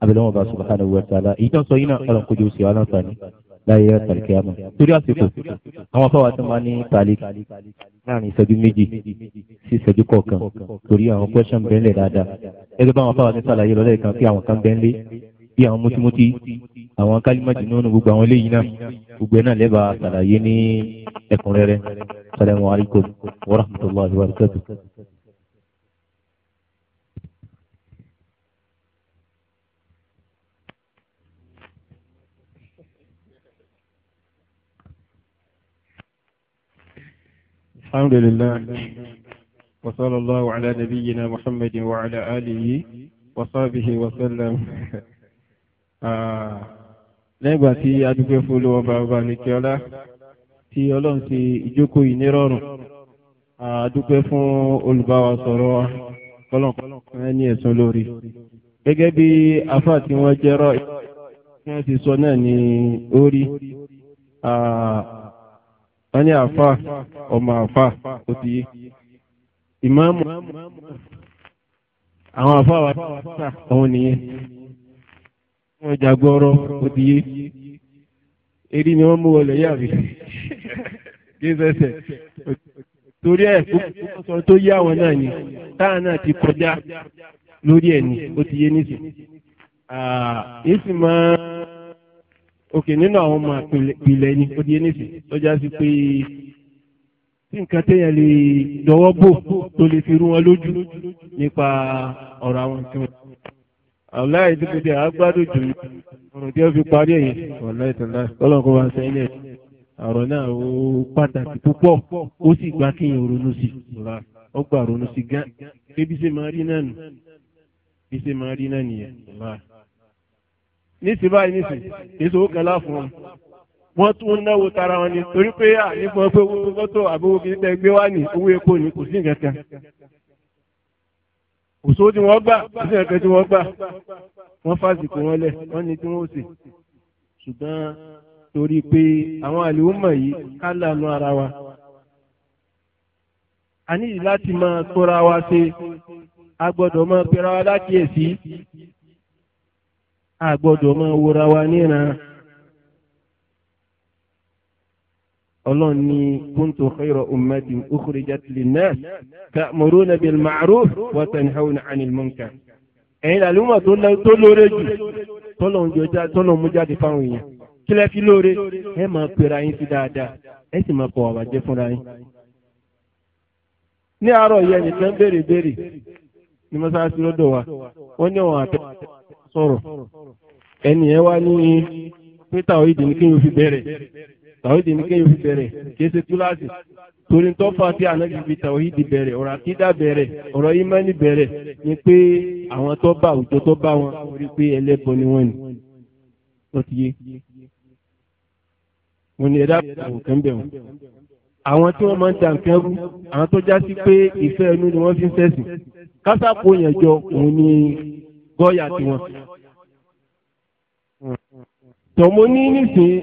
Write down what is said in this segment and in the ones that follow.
abilọ́wọ́n bá subhanahu wa ta'ala ìjọ sọ yín náà ọ̀rọ̀ kojú sí wa láǹfààní láyé àtàlùkìyàmọ̀ torí àsìkò àwọn afọwà tó máa ní tàlí láàrin ìṣẹ́jú méjì sí ìṣẹ́jú kọ̀ọ̀kan torí àwọn question bẹ́ńlẹ̀ dáadáa gẹ́gẹ́ bá àwọn afọwà tó sàlàyé lọ́lẹ́ kan pé àwọn kan bẹ́ńlẹ̀ bí àwọn mutimuti àwọn kálímọ̀jì nínú gbogbo àwọn eléyìí náà gbogbo ẹ̀ náà lẹ́bàá sàlàyé ní ẹ̀kúnrẹ́rẹ́ salamu الحمد لله وصلى الله على نبينا محمد وعلى آله وصحبه وسلم lẹ́gbà tí a dúpẹ́ fún olówó bàbá nìkẹ́ọ́lá tí ọlọ́run ti ìjókòó yìí nírọ̀rùn a dúpẹ́ fún olùbáwa sọ̀rọ̀ kọ́lọ̀kọ́lọ̀ ẹni ẹ̀sùn lórí. gẹ́gẹ́ bí afá tí wọ́n jẹ́rọ̀ tí wọ́n ti sọ náà ní orí a ní àfa ọmọ àfa ó ti yé àwọn àfa wa ta òun nìyẹn wọn jagbọrọ ó ti yé eri ni wọn mú wọlé yàrá gẹ́sẹ̀sẹ̀ torí ẹ̀ sọ tó yá àwọn náà ni táà náà ti kọjá lórí ẹ̀ ni ó ti yé nísìnyí. èsì máa òkè nínú àwọn ọmọ ìpìlẹ̀ ni ó di ẹnìsì lọ́jà sí pé tí nǹkan téèyàn lè dọwọ́ bò tó lè fi rú wọn lójú nípa ọ̀rọ̀ àwọn tí wọn. àwòlá ìdíkùdé àgbàdo jù ọ̀rọ̀ tí wọ́n fi parí ẹ̀yìn ọ̀la ìtàlá ọlọ́kọ̀ wa sẹ́yìn ẹ̀ ọ̀rọ̀ náà ó pàtàkì púpọ̀ ó sì gbà kéèyàn ronú sí ó gbà ronú sí gán pé bí máa rí náà nìyẹn nísìí báyìí nísìí èso kan láfún wọn wọ́n tún náwó tara wọn ni torí pé à nípa pé owó mọ́tò àbówó kìí tẹ́ gbé wá ní owó epo ní kò sí nǹkan kan òṣó tí wọ́n gbà kò sí nǹkan tí wọ́n gbà wọ́n fásitì wọn lẹ̀ wọ́n ní tí wọ́n ṣe ṣùgbọ́n torí pé àwọn àlùmọ̀ yìí ká lànà ara wa a níyì láti máa tóra wa ṣe a gbọ́dọ̀ máa pera wa lákìyèsí a gbọ́dọ̀ máa wúra wa níran. ọlọ́run ní kúntù khayra ummatin ukhrijat linnas ta'muruna bil ma'ruf wa tanhawna 'anil munkar. ẹ̀yin làlùmọ̀ tó lóore jù tọ́lọ̀ mú jáde fáwọn èèyàn kí lẹ́ fi lóore ẹ máa pera yín sí dáadáa ẹ sì máa kọ̀ wà bàjẹ́ fúnra yín. ní àárọ̀ yẹn nìkan béèrè béèrè ni mọ́sáàsì lọ́dọ̀ wa wọ́n ní àwọn àtẹ̀wọ́ sọ̀rọ̀ ẹni ẹ wá ní pé tàwídì ní kéyìn fi bẹ̀rẹ̀ tàwídì ní kéyìn fi bẹ̀rẹ̀ kìí ṣe túláàsì torí tó fà tí ànábì fi tàwídì bẹ̀rẹ̀ ọ̀rọ̀ àkídà bẹ̀rẹ̀ ọ̀rọ̀ ìmánì bẹ̀rẹ̀ ni pé àwọn tó bá àwùjọ tó bá wọn rí pé ẹlẹ́bọ ni wọ́n ni wọ́n ti yé wọ́n ni ẹ̀dá àwùkẹ́ ń bẹ̀ wọ́n àwọn tí wọ́n máa ń ta nǹkan rú àwọn tó já sí pé ìfẹ́ ẹnu ni wọ́n fi ń fẹ̀sìn kásápò yẹn jọ òun ni gọ́yà tiwọn. tòmó ní nísìnyí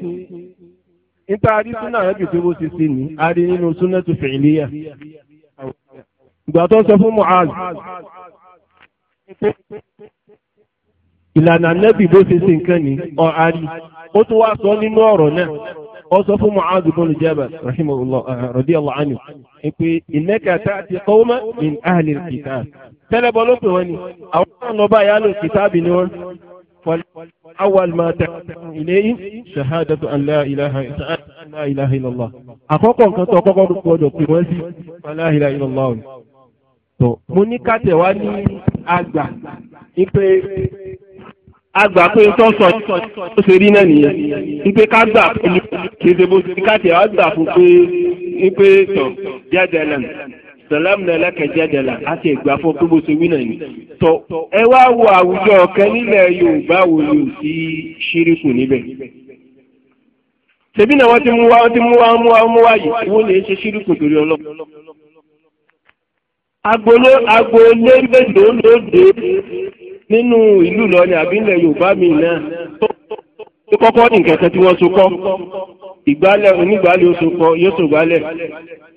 níta arí súnà ẹbí tó bó ṣe ní arí nínú súnà tó fẹ̀ léyà. ìgbà tó sọ fún Mu'az ìlànà nẹ́bí bó ṣe nǹkan ní ọ̀ arí ó tún sọ nínú ọ̀rọ̀ náà. ó sọ fún mu'adh bin jabal rahimahullah eh, radiyallahu anhu pé innaka ta'ti qawman min ahli al-kitab tẹ́lẹ̀ bọ́ ló pè wọ́n ni àwọn náà bá yálò kìtàbì ni wọ́n. أول ما تقدم إليه شهادة أن لا إله إلا لا إله إلا الله àkọ́kọ́ nǹkan tó kọ́kọ́ dúpọ ọdọ pé wọn sí لا إله إلا الله tó mo ní kàtẹ wá ní àgbà ipe agbà pé n tó sọ ó ṣe rí náà nìyẹn wípé ká gbà pẹ̀lú kéde bó ti káàtì àwọn gbà fún pé wípé tọ̀ jẹ́dẹ̀lẹ̀ sàlámù lẹ́lẹ́kẹ̀ jẹ́dẹ̀lẹ̀ àti ìgbà fún pé bó ṣe wí náà ni. tọ ẹ wá wo àwùjọ ọ̀kẹ́ nílẹ̀ Yorùbá wo ni ò sí ṣíríkù níbẹ̀ ṣebí náà wọ́n ti mú wá wọ́n ti mú wá mú wá mú wá yìí wọ́n lè ṣe ṣírùkù torí ọlọ́pàá. agbolé agbolé mélòó ló dé nínú ìlú Ìlọrin àbí ilẹ̀ Yorùbá mi náà tó kọ́kọ́ ní nǹkan kan tí wọ́n so kọ́ ìgbálẹ̀ onígbálẹ̀ oṣù kọ yóò so gbálẹ̀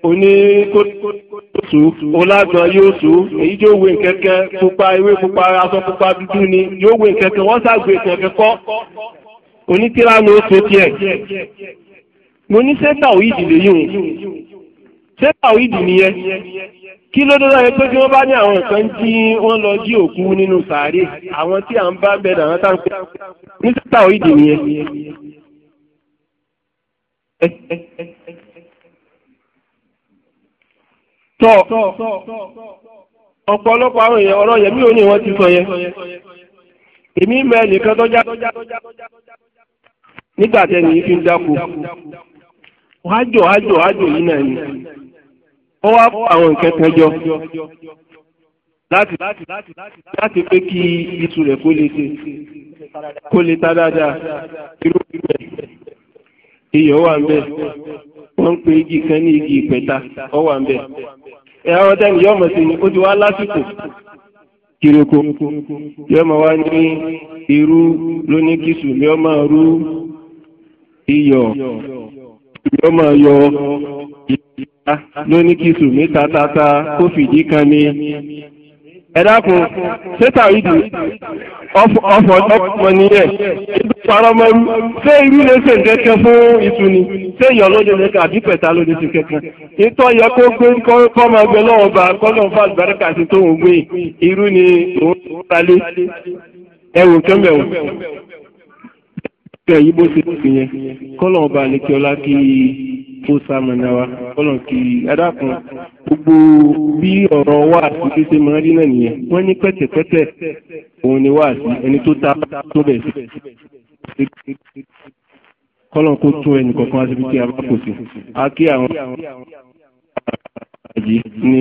oníkóso ọlágbọn yóò so èyí tí ó wé nkẹkẹ pupa ewé pupa aṣọ pupa dúdú ni yóò wé nkẹkẹ wọ́n ṣàgbé nkẹkẹ kọ́ onítìlánu oṣù tiẹ̀ mo ní sẹ́tà òyìnbí lè yùn sẹ́tà òyìnbí nìyẹn kí ló dé láyé pé bí wọ́n bá ní àwọn nǹkan tí wọ́n lọ jí òkú nínú sàárè àwọn tí à ń bá bẹ̀rẹ̀ àwọn tá ń pè ní sísá òyìnbí nìyẹn. tọ́ ọ̀pọ̀lọpọ̀ àwọn èèyàn ọ̀rọ̀ yẹn mí ò ní wọ́n ti sọ yẹn èmi mẹ́ nìkan tó já nígbà tẹ̀ nìyí fi ń dáko wájò wájò wájò yìí náà ni wọ́n wá fún àwọn nǹkan kan jọ láti láti pé kí ìtú rẹ̀ kó lè ṣe kó lè ta dáadáa irú irú ẹ̀ iyọ̀ wà ń bẹ̀ wọ́n ń pe igi kan ní igi ìpẹ̀ta ọ wà ń bẹ̀ ẹ̀ àwọn tẹ́ni yọ̀ọ̀mọ̀ sí ni ó ti wá lásìkò kiriko yọ̀ọ̀mọ̀ wá ní irú lóníkìsù ni ọ rú iyọ̀ ni ọ yọ ìyá ló ní kí sùn ní tatata kó fìdí kan ní ẹ dákun sétà ìdù ọfọ ọmọ nìyẹn ibi parọmọrú ṣé irú lè ṣe nkẹkẹ fún ìtuni ṣé ìyàn lè lè kà bí pẹta ló lè ìtọ́ yẹ kó gbé kọ́ máa gbé lọ́wọ́ bá kọ́nà fún àlùbáríkà sí tó ń gbé irú ni òun ta lé ẹwù kẹ́mẹ̀wù kẹ́yìn bó ṣe fi yẹn kọ́nà ọba àlekíọ́lá kí i kó sàmọ̀nà wa ọlọ́run kì í adákun gbogbo bí ọ̀rọ̀ wà sí kété máa rí náà nìyẹn wọ́n ní pẹ̀tẹ̀pẹ̀tẹ̀ òun ni wà sí ẹni tó ta tó bẹ̀ sí kọ́lọ̀ kó tún ẹnì kọ̀ọ̀kan aṣojú tí a bá àwọn àjì ní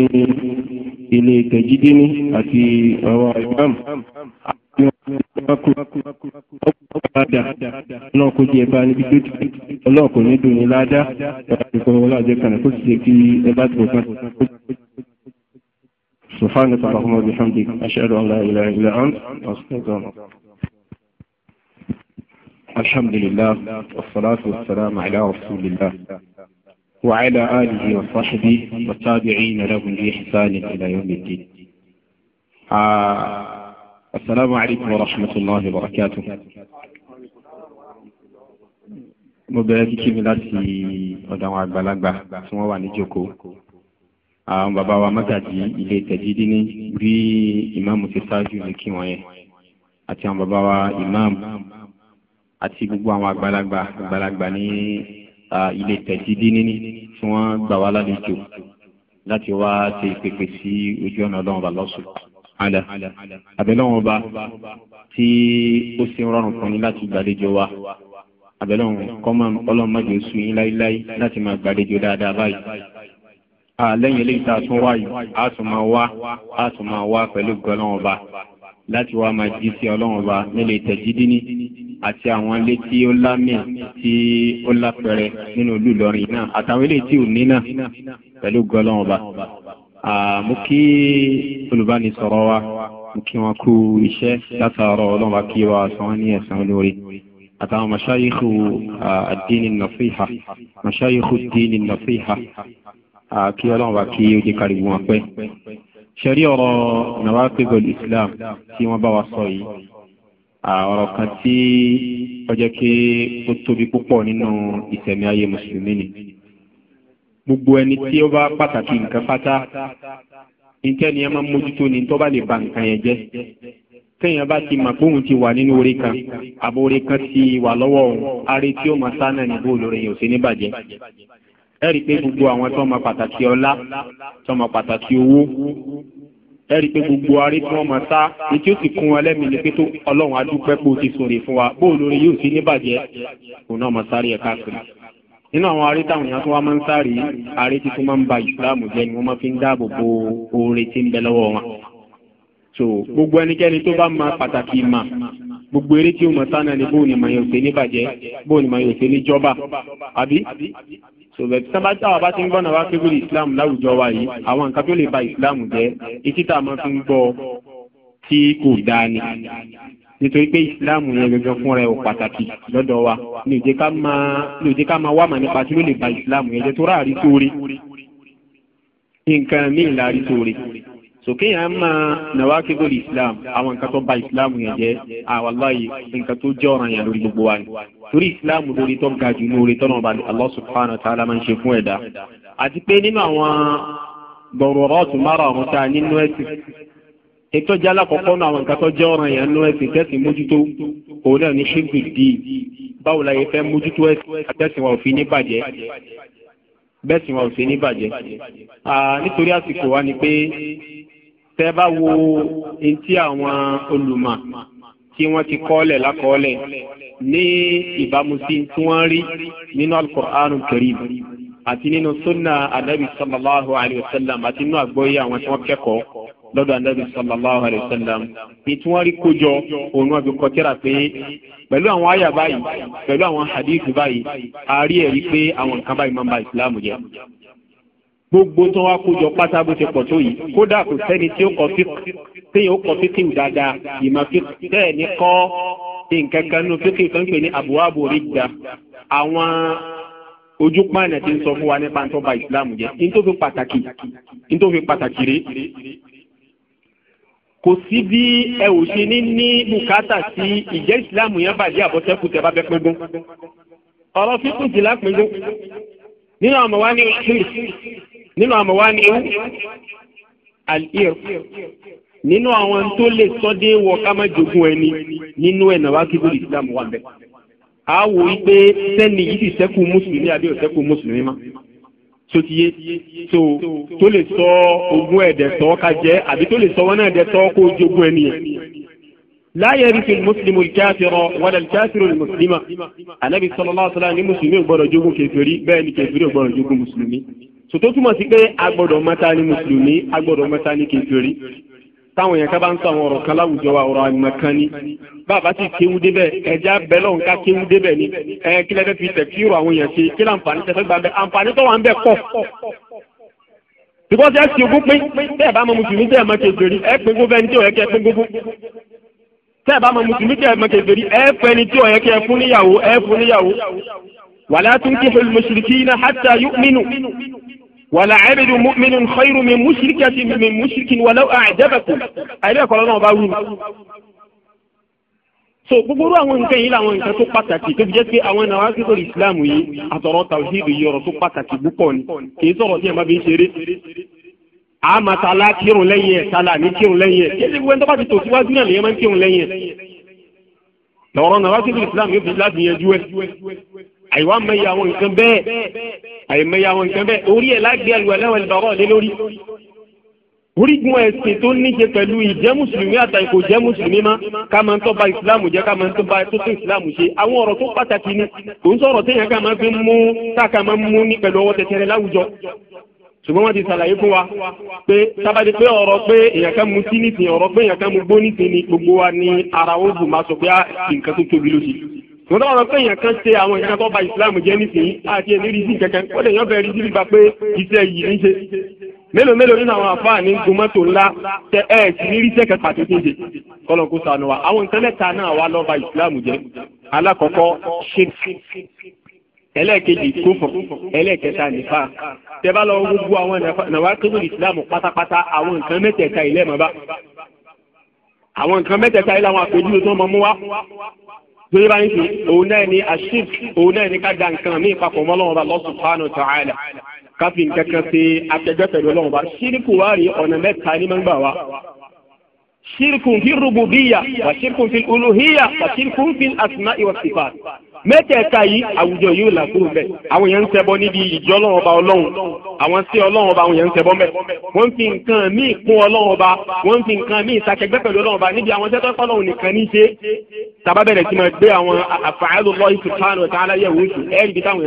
ilé tẹ̀jídínní àti àwọn ìbámu. سبحانك اللهم وبحمدك أشهد أن لا إله إلا أنت الحمد لله والصلاة والسلام على رسول الله وعلى آله وصحبه والتابعين لهم بإحسان إلى يوم الدين. آه السلام عليكم ورحمة الله وبركاته mo bẹ̀rẹ̀ kíkí mi láti ọ̀dọ̀ àwọn àgbàlagbà tí wọ́n wà ní jòkó àwọn bàbá wa mọ́gàjì ilé tẹ̀jídí ní bí ìmáàmù ti ṣáájú ní kí wọ́n yẹn àti àwọn bàbá wa ìmáàmù àti gbogbo àwọn àgbàlagbà àgbàlagbà ní ilé tẹ̀jídí ní tí wọ́n gbà wá lálejò láti wá ṣe ìpèpè sí ojú ọ̀nà ọlọ́run bàlọ́sùn àlà àbẹ̀lọ́wọ̀n ọba tí ó sì rọrùn fún yín láti gbàlejò wa àbẹ̀lọ́wọ̀n kọ́mọ ọlọ́mọdé oṣù yín láíláí láti máa gbàlejò dáadáa báyìí. àlẹ́yìn eléyìí tá a tún wá yìí a tún máa wá a tún máa wá pẹ̀lú gbọ́lọ́wọ̀n ọba láti wá máa jí sí ọlọ́wọ̀n ọba nílé ìtẹ̀jídínní àti àwọn ilé tí ó lámì tí ó lápẹrẹ nínú ìlú Ìlọrin náà àtàwọn ilé tí ò ní náà pẹ̀lú gbọ́lọ́wọ̀n ọba mo kí olùbánisọ̀rọ̀ wa mo kí wọn kú iṣẹ́ látàárọ̀ ọlọ́run bá kí wa san ní ẹ̀san olóore àtàwọn mọ̀ṣáyìkù àdínì nàfíhà mọ̀ṣáyìkù dínì nàfíhà kí ọlọ́run bá kí ó jẹ́ kárìgbọ́n apẹ́ ṣẹ̀rí ọ̀rọ̀ nàwápẹ́gọ̀l islam tí wọ́n bá wa sọ yìí ọ̀rọ̀ kan tí ó jẹ́ kí ó tóbi púpọ̀ nínú ìṣẹ̀mí ayé mùsùlùmí ni gbogbo ẹni tí ó bá pàtàkì nǹkan pátá ni ẹ máa ń mójútó ni tó bá lè ba nǹkan yẹn jẹ́ téèyàn bá ti mọ̀ pé òun ti wà nínú orí kan àbò orí kan ti wà lọ́wọ́ òun arí tí ó máa sá náà níbo olórí yẹn ò sí ní bàjẹ́ ẹ rí i pé gbogbo àwọn tó mọ pàtàkì ọlá tó mọ pàtàkì owó ẹ rí i pé gbogbo arí tí wọ́n máa sá ní tí ó sì kún wọn lẹ́mìí ni pé tó ọlọ́run adúpẹ́ pé ó ti sòrè fún wa bó olórí yóò sí ní bàjẹ́ òun náà máa sáré ẹ̀ káàkiri nínú àwọn aré táwọn èèyàn tó wá máa ń sáré aré títún máa ń ba ìsìláàmù jẹ ni wọ́n máa fi ń dáàbò bo oore tí ń bẹ lọ́wọ́ wọn. so gbogbo ẹnikẹ́ni tó bá máa pàtàkì ìmà gbogbo eré tí ó mọ̀ sánà ni bóun ni màá yóò ṣe ní bàjẹ́ bóun ni màá yóò ṣe ní jọba àbí sọ̀rọ̀ tí sábà táwa bá ti ń gbọ́nà wá kébìlì ìsìláàmù láwùjọ wa yìí àwọn nǹkan tó lè ba ìsìláàmù jẹ́ etí tá a máa fi ń gbọ́ tí kò dáa ni nítorí pé ìsìláàmù yẹn gẹ́gẹ́ fún rẹ̀ ò pàtàkì lọ́dọ̀ wa ní òjẹ́ ká máa ní òjẹ́ ká máa wá mà nípa tí ló lè ba ìsìláàmù yẹn jẹ́ tó ráàrí sóore nǹkan míì láàrí sóore sòkè yẹn máa nàwa kébòlì ìsìláàmù àwọn nǹkan tó ba ìsìláàmù yẹn jẹ́ àwàláyé nǹkan tó jẹ́ ọ̀ràn yẹn lórí gbogbo wa ni torí ìsìláàmù lórí tó ga jù lórí tọ́nà ọba Allah subhanahu wa ta'ala máa ń ṣe fún ẹ̀dá àti pé nínú àwọn gbọ̀rọ̀ ọ̀tún ètò jẹ́ alákọ̀ọ́kọ́ náà àwọn nǹkan tó jẹ́ ọ̀ràn yẹn nú ẹ̀sìn tẹ́sìn mójútó òun náà ní ṣíkì dì í báwo la yẹ fẹ́ mójútó ẹ̀sìn àtẹ́sìn wa ò fi ní bàjẹ́ bẹ́sìn wa ò fi ní bàjẹ́. nítorí àsìkò wa ni pé tẹ́ bá wo etí àwọn olùmọ̀ tí wọ́n ti kọ́lẹ̀ lákọ́ọ́lẹ̀ ní ìbámu sí tí wọ́n rí nínú alukur'an karim àti nínú sunna anabi sallallahu alayhi wa sallam àti nínú àgbọ́yé àwọn tí wọ́n kẹ́kọ̀ọ́ lọ́dọ̀ anabi sallallahu alayhi wa sallam ìtún wọn rí kójọ òun wọn fi kọ tírà pé pẹ̀lú àwọn àyà báyìí pẹ̀lú àwọn hadith báyìí a rí ẹ̀rí pé àwọn nǹkan báyìí máa ń ba ìsìláàmù jẹ́ gbogbo tó wá kójọ pátá bó ṣe pọ̀ tó yìí kódà kò sẹ́ni tí ó kọ fí téèyàn ó kọ fí tíwù dáadáa ìmọ̀ fí bẹ́ẹ̀ ni kọ́ nǹkan nínú fí ojú pààyàn ti ń sọ fún wa nípa tó ba ìsìláàmù jẹ́ ní tó fi pàtàkì ní tó fi pàtàkì rí kò sí bí ẹ ò ṣe ní ní bùkátà sí ìjẹ́ ìsìláàmù yẹn bàjẹ́ àbọ̀tẹ́kù tẹ́ bá fẹ́ pínpín ọ̀rọ̀ fífún ti lápínpín nínú àmọ̀ wá ní ìṣírí nínú àmọ̀ wá ní àlìr nínú àwọn tó lè sọ́dé wọ ká má jogún ẹni nínú ẹ̀nà wá kí bóyá ìsìláàmù wà bẹ́ẹ̀. a wò ó pé sẹ́ni yìí ti sẹ́kù mùsùlùmí àbí òsẹ́kù mùsùlùmí máa sotiye so tó lè sọ ogún ẹ̀dẹ̀tọ́ ka jẹ́ àbí tó lè sọ wọn náà ẹ̀dẹ̀tọ́ kó jogún ẹ̀ nìyẹn. la yarithu al-muslimu al-kafira wala al-kafiru al-muslima anabi sallallahu alaihi wasallam ní mùsùlùmí ò gbọ́dọ̀ jogún kèfèrí bẹ́ẹ̀ ni kèfèrí ò gbọ́dọ̀ jogún mùsùlùmí. sòtó túmọ̀ sí pé agbọ́dọ̀ mọ́ta ni mùsùlùmí agbọ́dọ̀ mọ́ta ni kèfèrí táwọn yẹn ká bá ń sọ àwọn ọ̀rọ̀ kan láwùjọ wa ọ̀rọ̀ àmọ̀kan ni bàbá sì kéwu débẹ̀ ẹja bẹ́lọ̀ ń ká kéwu débẹ̀ ni ẹ kí lẹ́fẹ́ fi tẹ̀kírò àwọn yẹn ṣe kí láǹfààní tẹ̀fẹ́ gbà bẹ́ẹ̀ àǹfààní tó wà ń bẹ̀ pọ̀. bíkọ́ sí ẹ̀sìn ogún pín tẹ́ ẹ̀ bá mọ mùsùlùmí tẹ́ ẹ̀ mọ kèfèrí ẹ̀ pín gún fẹ́ni tí ò yẹ kẹ́ pín gún fún. tẹ́ ẹ̀ bá mọ mùsùlùmí tẹ́ ẹ̀ mọ kèfèrí ẹ̀ fẹ́ni tí ò yẹ kẹ́ fún níyàwó ẹ̀ fún níyàwó. wàlá tunkihul mushrikina hatta yu'minu wàlà àbẹ̀dù mọ́mìnú xọ́yìrù mi mùsùlùkì àti mi mùsùlùkì wàlà àjẹbẹ̀kù àyẹ̀bẹ̀ kọ́lọ́ náà bá wù. so gbogbo irú àwọn nǹkan yìí làwọn nǹkan tó pàtàkì tó fi jẹ́ pé àwọn ẹ̀nà wá sí sọ̀rọ̀ ìsìláàmù yìí àtọ̀rọ̀ tàwíìdì yìí ọ̀rọ̀ tó pàtàkì púpọ̀ ni kì í sọ̀rọ̀ tí ẹ̀ má fi ń ṣeré àmà tala kírun lẹ́yìn ẹ̀ tala ní kírun lẹ́yìn ẹ̀ kéde gbogbo ẹni tó bá ti tò síwájú náà lèyàn máa ń kírun lẹ́yìn ẹ̀ lọ́rọ̀ náà wá sí yóò fi láti yẹn àyíwá mẹyì àwọn nǹkan bẹ́ẹ̀ àyìmẹyì àwọn nǹkan bẹ́ẹ̀ orí ẹ̀ lágbé àlùwàláwà ìbáwọ̀ lé lórí orígun ẹ̀sìn tó ní ṣe pẹ̀lú ìjẹ́ mùsùlùmí àtàyè kò jẹ́ mùsùlùmí má ká máa ń tọ́ ba ìsìláàmù jẹ́ ká máa ń tọ́ ba tó tó ìsìláàmù ṣe àwọn ọ̀rọ̀ tó pàtàkì ni kò ń sọ̀rọ̀ téèyàn ká máa fi mú táàkà máa mú ní pẹ̀lú ọwọ́ tẹ̀tẹ̀rẹ̀ láwùjọ ṣùgbọ́n wọ́n ti ṣàlàyé fún wa pé sábàdé pé ọ̀rọ̀ pé èèyàn kan mu tí nìsín ọ̀rọ̀ pé èèyàn kan mu gbó nìsín ni gbogbo wa ni ara ó dùn máa sọ pé ah, nǹkan tó tóbi ló tòun náà rọ pé èèyàn kan ṣe àwọn èèyàn tó ba ìsìláàmù jẹ́ nísìnyí àti ẹnìrí sí kẹ̀kẹ́ ó lè yàn bẹ rí síbi gba pé iṣẹ́ yìí ń ṣe mélòó mélòó nínú àwọn àfáà ní gun mọ́tò ńlá tẹ ẹ sì ní rí sẹkẹ pàtó tó ṣe kọlọ kó sànù wa àwọn nǹkan mẹ́ta náà wà lọ ba ìsìláàmù jẹ́ alákọ̀ọ́kọ́ ṣe ẹlẹ́ẹ̀kejì kófò ẹlẹ́ẹ̀kẹta nìfà tẹ bá lọ gbogbo àwọn nàwa kébù ìsìláàmù pátápátá àwọn nǹkan mẹ́tẹ̀ẹ̀ta ilé mọba àwọn nǹkan mẹ́tẹ̀ẹ̀ta ilé àwọn àpèjúwe tó mọ mú wa lórí bá ń sìn òun náà ni ashik òun náà ni ká da nǹkan mí papọ̀ mọ́ lọ́wọ́ bá Allah subhanahu wa ta'ala káfí nǹkankan sí akẹgbẹ́ pẹ̀lú ọlọ́wọ́ bá ṣírìkù wá rí ọ̀nà mẹ́ta ní máa ń ṣírìkù fi rububiyya wà ṣírìkù fi uluhiyya wà ṣírìkù fi asma'i wa sifat mẹ́tẹ̀ẹ̀ta yìí àwùjọ yóò là kúrò bẹ́ẹ̀ àwọn yẹn ń ṣẹbọ níbi ìjọ ọlọ́run ọba ọlọ́run àwọn sí ọlọ́run ọba àwọn yẹn ń ṣẹbọ mẹ́ wọ́n fi nǹkan míì kún ọlọ́run ọba wọ́n fi nǹkan míì sàkẹgbẹ́ pẹ̀lú ọlọ́run ọba níbi àwọn tẹ́tọ́ ọlọ́run nìkan ní ṣe tàbá bẹ̀rẹ̀ tí máa gbé àwọn àfààlù lọ́yìn subhanahu wa ta'ala yẹ̀wò oṣù bí táwọn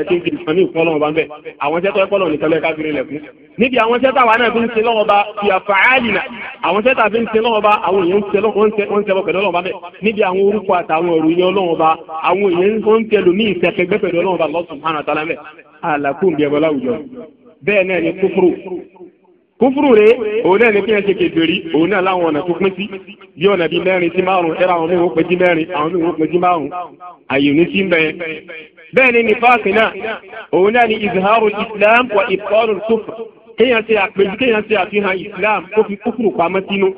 kẹlòmí ìfẹ̀kẹgbẹ́ pẹ̀lú ọlọ́run bá lọ́sùn hàn àtàlà mẹ́ àlàkùn bí ẹbọ láwùjọ bẹ́ẹ̀ náà ni kúfúrú kúfúrú rẹ̀ òun náà ni kíyàn ṣe kèfèrí òun náà láwọn ọ̀nà tó pín sí bí ọ̀nà bíi mẹ́rin sí márùn ẹ̀rọ àwọn mímú pẹ́ sí mẹ́rin àwọn mímú pẹ́ sí márùn àyè ní sí ń bẹ́ẹ̀ bẹ́ẹ̀ ni nífàásì náà òun náà ni ìzìhárù islam wa ìfọ́rù kúfù kéèyàn ṣe àpèjú kéèyàn ṣe àfihàn islam kó fi kúfúrú pamọ́ sínú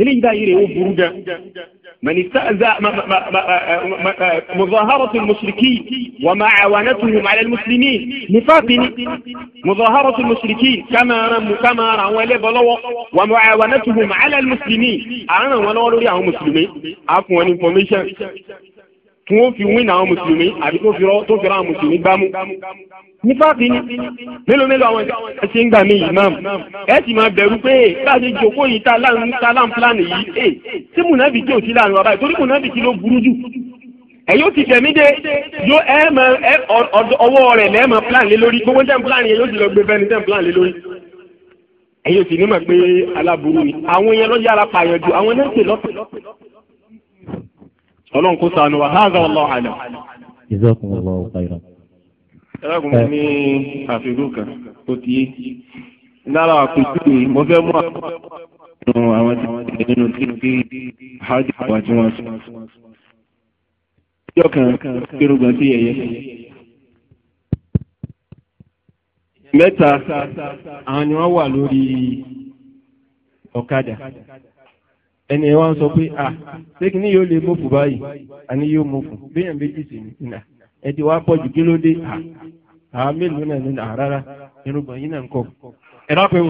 eléyìí dáyìí rẹ̀ ó burú gan من استأذى مظاهرة المشركين ومعاونتهم على المسلمين نفاقني مظاهرة المشركين كما كما ولي بلو ومعاونتهم على المسلمين أنا ولو لوري مسلمين أكون information kí wọ́n fi wín àwọn mùsùlùmí àbí tó fi ra àwọn mùsùlùmí gbámú. ní fáàfin ni mélòó mélòó àwọn ẹ ṣe ń gbà mí yìí máa ẹ sì máa bẹ̀rù pé báyìí jòkó yìí tá láǹ plan yìí ẹ eh, ṣé mùnàbí tí ò sí láàrin wa báyìí torí mùnàbí tí ló burú jù ẹ̀yọ́ ti tẹ̀mí dé yóò ẹ mọ ẹ ọwọ́ rẹ̀ lẹ́ẹ̀ mọ plan lé lórí gbogbo tẹ̀ plan yẹn yóò ti lọ gbé bẹ́ni tẹ̀ plan lé lórí ẹ̀yọ́ sì ní mọ̀ pé aláburú ni àwọn yẹn lọ́ yára pààyàn ju àwọn náà ń pè lọ́pẹ̀ ọlọ́run kó sànù wa hàzà wallahu alam. jazakumullahu khairan. ẹlẹ́gùn mi ní àfikún kan tó ti yé lára àpèjúwe mo fẹ́ mú àwọn àwọn tí wọ́n ti nínú tí hajj wà tí wọ́n ìjọ kan sí ẹ̀yẹ. mẹ́ta àwọn ni wọ́n wà lórí ọ̀kadà. ẹni ẹ sọ pé à ah, ṣéèkì ní yóò lè mọ̀fù báyìí àní yóò mọ̀fù béèyàn méjì sì ní ẹ̀dì wa pọ̀ kí ló dé à àá mélòó náà nínú àrárá irúgbọ̀n yìí náà ń kọ́ ẹ̀rọ pé ò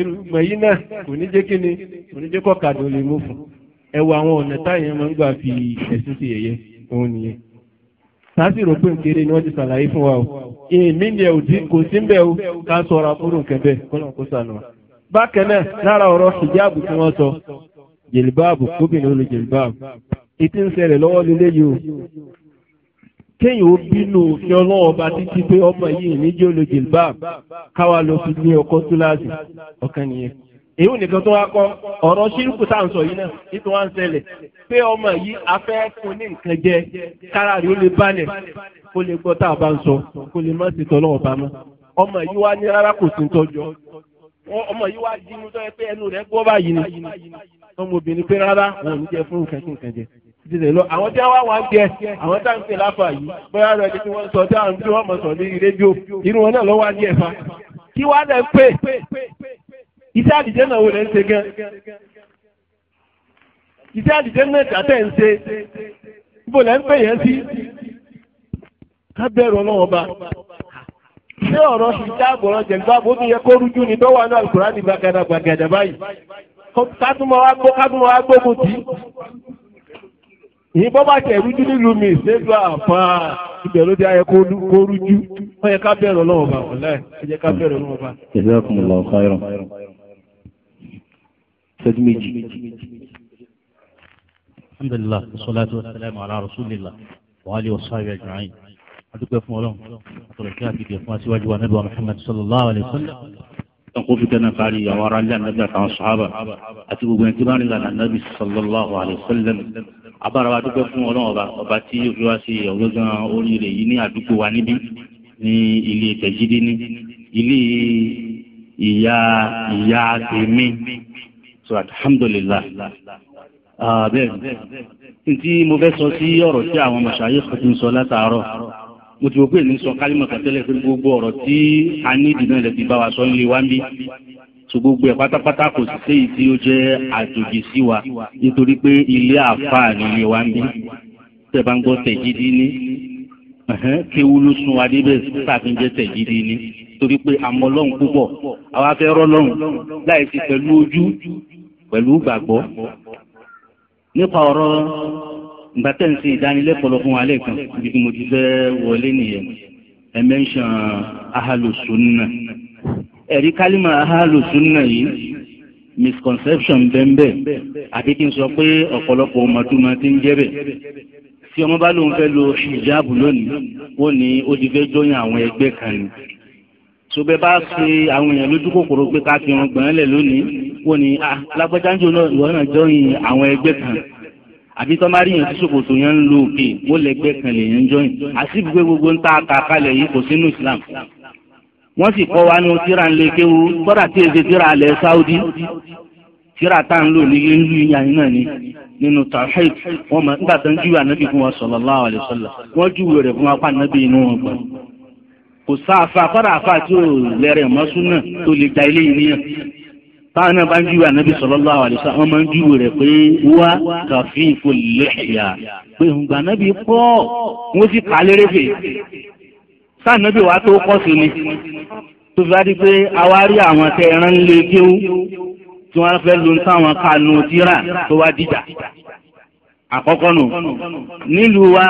irúgbọ̀n yìí náà kò ní jẹ́ kí ni kò ní jẹ́ kọ́ kàdé ò lè fi ẹ̀sìn ti òun nìyẹn sáàsì nkiri o èmi ni kò sí o ká náà lára ọ̀rọ̀ jìlbáàbù kóbìnrin olè jìlbáàbù ìtí ń ṣẹlẹ̀ lọ́wọ́ lílé yìí o kéèyàn ó bínú òfin ọlọ́wọ́ bá títí pé ọmọ yìí níjẹ́ olè jìlbáàbù káwa ló fi ní ọkọ túláàsì ọ̀kan nìyẹn èyí ò nìkan tó wá kọ ọ̀rọ̀ ṣírùkù tá à ń sọ yìí náà nítorí wá ń ṣẹlẹ̀ pé ọmọ yìí a fún ní nǹkan jẹ kára rí ó lè balẹ̀ kó lè gbọ́ tá a bá ń sọ kó lè má sì tọ́lọ́wọ́ bá ọmọ yìí wá ní tó yẹ pé ẹnu rẹ̀ gbọ́ báyìí ni ọmọbìnrin pé rárá wọn ò ní jẹ fún nǹkan kí nǹkan jẹ ìdílé lọ àwọn tí wọn wá jẹ àwọn tá à ń pè láfa yìí bóyá rẹ ni tí wọn sọ tí àwọn tí wọn mọ sọ ní rédíò irú wọn náà lọ wá jẹ fa kí wàá lẹ pé iṣẹ́ àdìjẹ náà wò lẹ ń ṣe gan iṣẹ́ àdìjẹ náà dàtẹ ń ṣe ibo lẹ ń pè yẹn sí kábẹ́rù ọlọ́wọ́n ba ṣé ọ̀rọ̀ ìjáàbọ̀ ọ̀rọ̀ jẹ̀gbá bómi yẹ kó rújú ni dọ́wọ́ kátùmọ̀ wá gbó kátùmọ̀ wá gbógun tì í. ìyìnbọn bá tẹ̀ rújú nílùú mi ṣéjú àfáà ibẹ̀ ló dé ayẹ kó rújú wọ́n yẹ ká bẹ̀rẹ̀ ọlọ́wọ́ bá wọ́n láì ẹ jẹ́ ká bẹ̀rẹ̀ ọlọ́wọ́ bá. Jazakumullahu khairan ṣẹ́jú méjì. alhamdulillah wasalaatu wasalaamu ala rasulillah wa alihi wa sahbihi ajma'in fún ọlọ́run àtọ̀rọ̀ kó fi kẹ́nà kárí àwọn ará ilé ànábì àtàwọn sàhábà àti gbogbo ẹni tí bá ń rìn lànà ànábì sallallahu alaihi wasallam abára wa dúpẹ́ fún ọlọ́run ọba ọba tí yóò fi wá sí ọ̀gbọ́n oríire yìí ní àdúgbò wa níbí ní ilé tẹ̀jídé ní ilé ìyá ìyá tèmi so alhamdulillah ah, bẹ́ẹ̀ ni tí mo fẹ́ sọ sí ọ̀rọ̀ tí àwọn mọ̀ṣáyé kò ti ń sọ látàárọ̀ mo ti wò pé èmi sọ kálímọ̀ kan tẹ́lẹ̀ pé gbogbo ọ̀rọ̀ tí a ní ìdìbò rẹ̀ ti bá wa sọ ń lé wá ń bí so gbogbo ẹ̀ pátápátá kò sì séyìí tí ó jẹ́ àjòjì sí wa nítorí pé ilé àfáà ni ilé wa ń bí tẹ̀ bá ń gbọ́ tẹ̀jídí ní kéwu ló sún wa débẹ̀ sáfin jẹ́ tẹ̀jídí ní torí pé àmọ́ lọ́hùn púpọ̀ àwa fẹ́ rọ́ láì sí pẹ̀lú ojú pẹ̀lú gbàgbọ́ nípa ọ̀rọ̀ gbàtẹ́ ń ṣe ìdánilẹ́kọ̀ọ́ lọ fún wa lẹ́ẹ̀kan ibi tí mo ti fẹ́ wọlé nìyẹn ẹ ahalosunna ẹ̀rí kálímà ahalosunna yìí misconception bẹ́ẹ̀ àti kí n sọ pé ọ̀pọ̀lọpọ̀ ọmọdúnmọ́ ti ń jẹ́ bẹ̀ tí ọmọ bá lóun fẹ́ lo hijab lónìí wọ́n ní ó ti fẹ́ jọyìn àwọn ẹgbẹ́ kan ni sobẹ bá ṣe àwọn èèyàn lójú kòkòrò pé ká fi hàn gbọ̀n lẹ̀ lónìí wọ́n ní ah lágbájá ń jò náà ìwọ náà jọyìn àwọn ẹgbẹ́ kan àbí tọ́ bá rí yẹn tí ṣòkòtò yẹn ń lo òkè wọ́n lẹ́gbẹ́ kan lè yẹn jọyìn àti gbogbo gbogbo ń ta àkàkalẹ̀ yìí kò sínú Islam wọ́n sì kọ́ wa ní tíra ńlẹ̀ kéwu kọ́dà tí èsè tíra alẹ́ Saudi tíra tá ń lò ní ìlú ìyàyín náà ni nínú tawhid wọn mọ nígbà tó ń júwe ànábì fún wa sallallahu alaihi wasallam wọn júwe rẹ̀ fún wa pa ànábì inú wọn gbà kò sáà fa kọ́dà àfa tí ò lẹ́rẹ̀ mọ́sùn náà tó lè gba ilé yìí níyàn táwọn náà bá ń júwe ànábì sallallahu alaihi wasallam wọ́n máa ń júwe rẹ̀ pé wá kàfí ìfò lẹ́yà pé ǹgbà ànábì pọ̀ wọ́n sì kà lérèfè sáànábì wa tó kọ́ sí ni tó fi wá di pé awárí àwọn tẹ ẹran lé kéwú tí wọ́n fẹ́ lu táwọn kanu tíra tó wá dìjà àkọ́kọ́ nù nílùú wa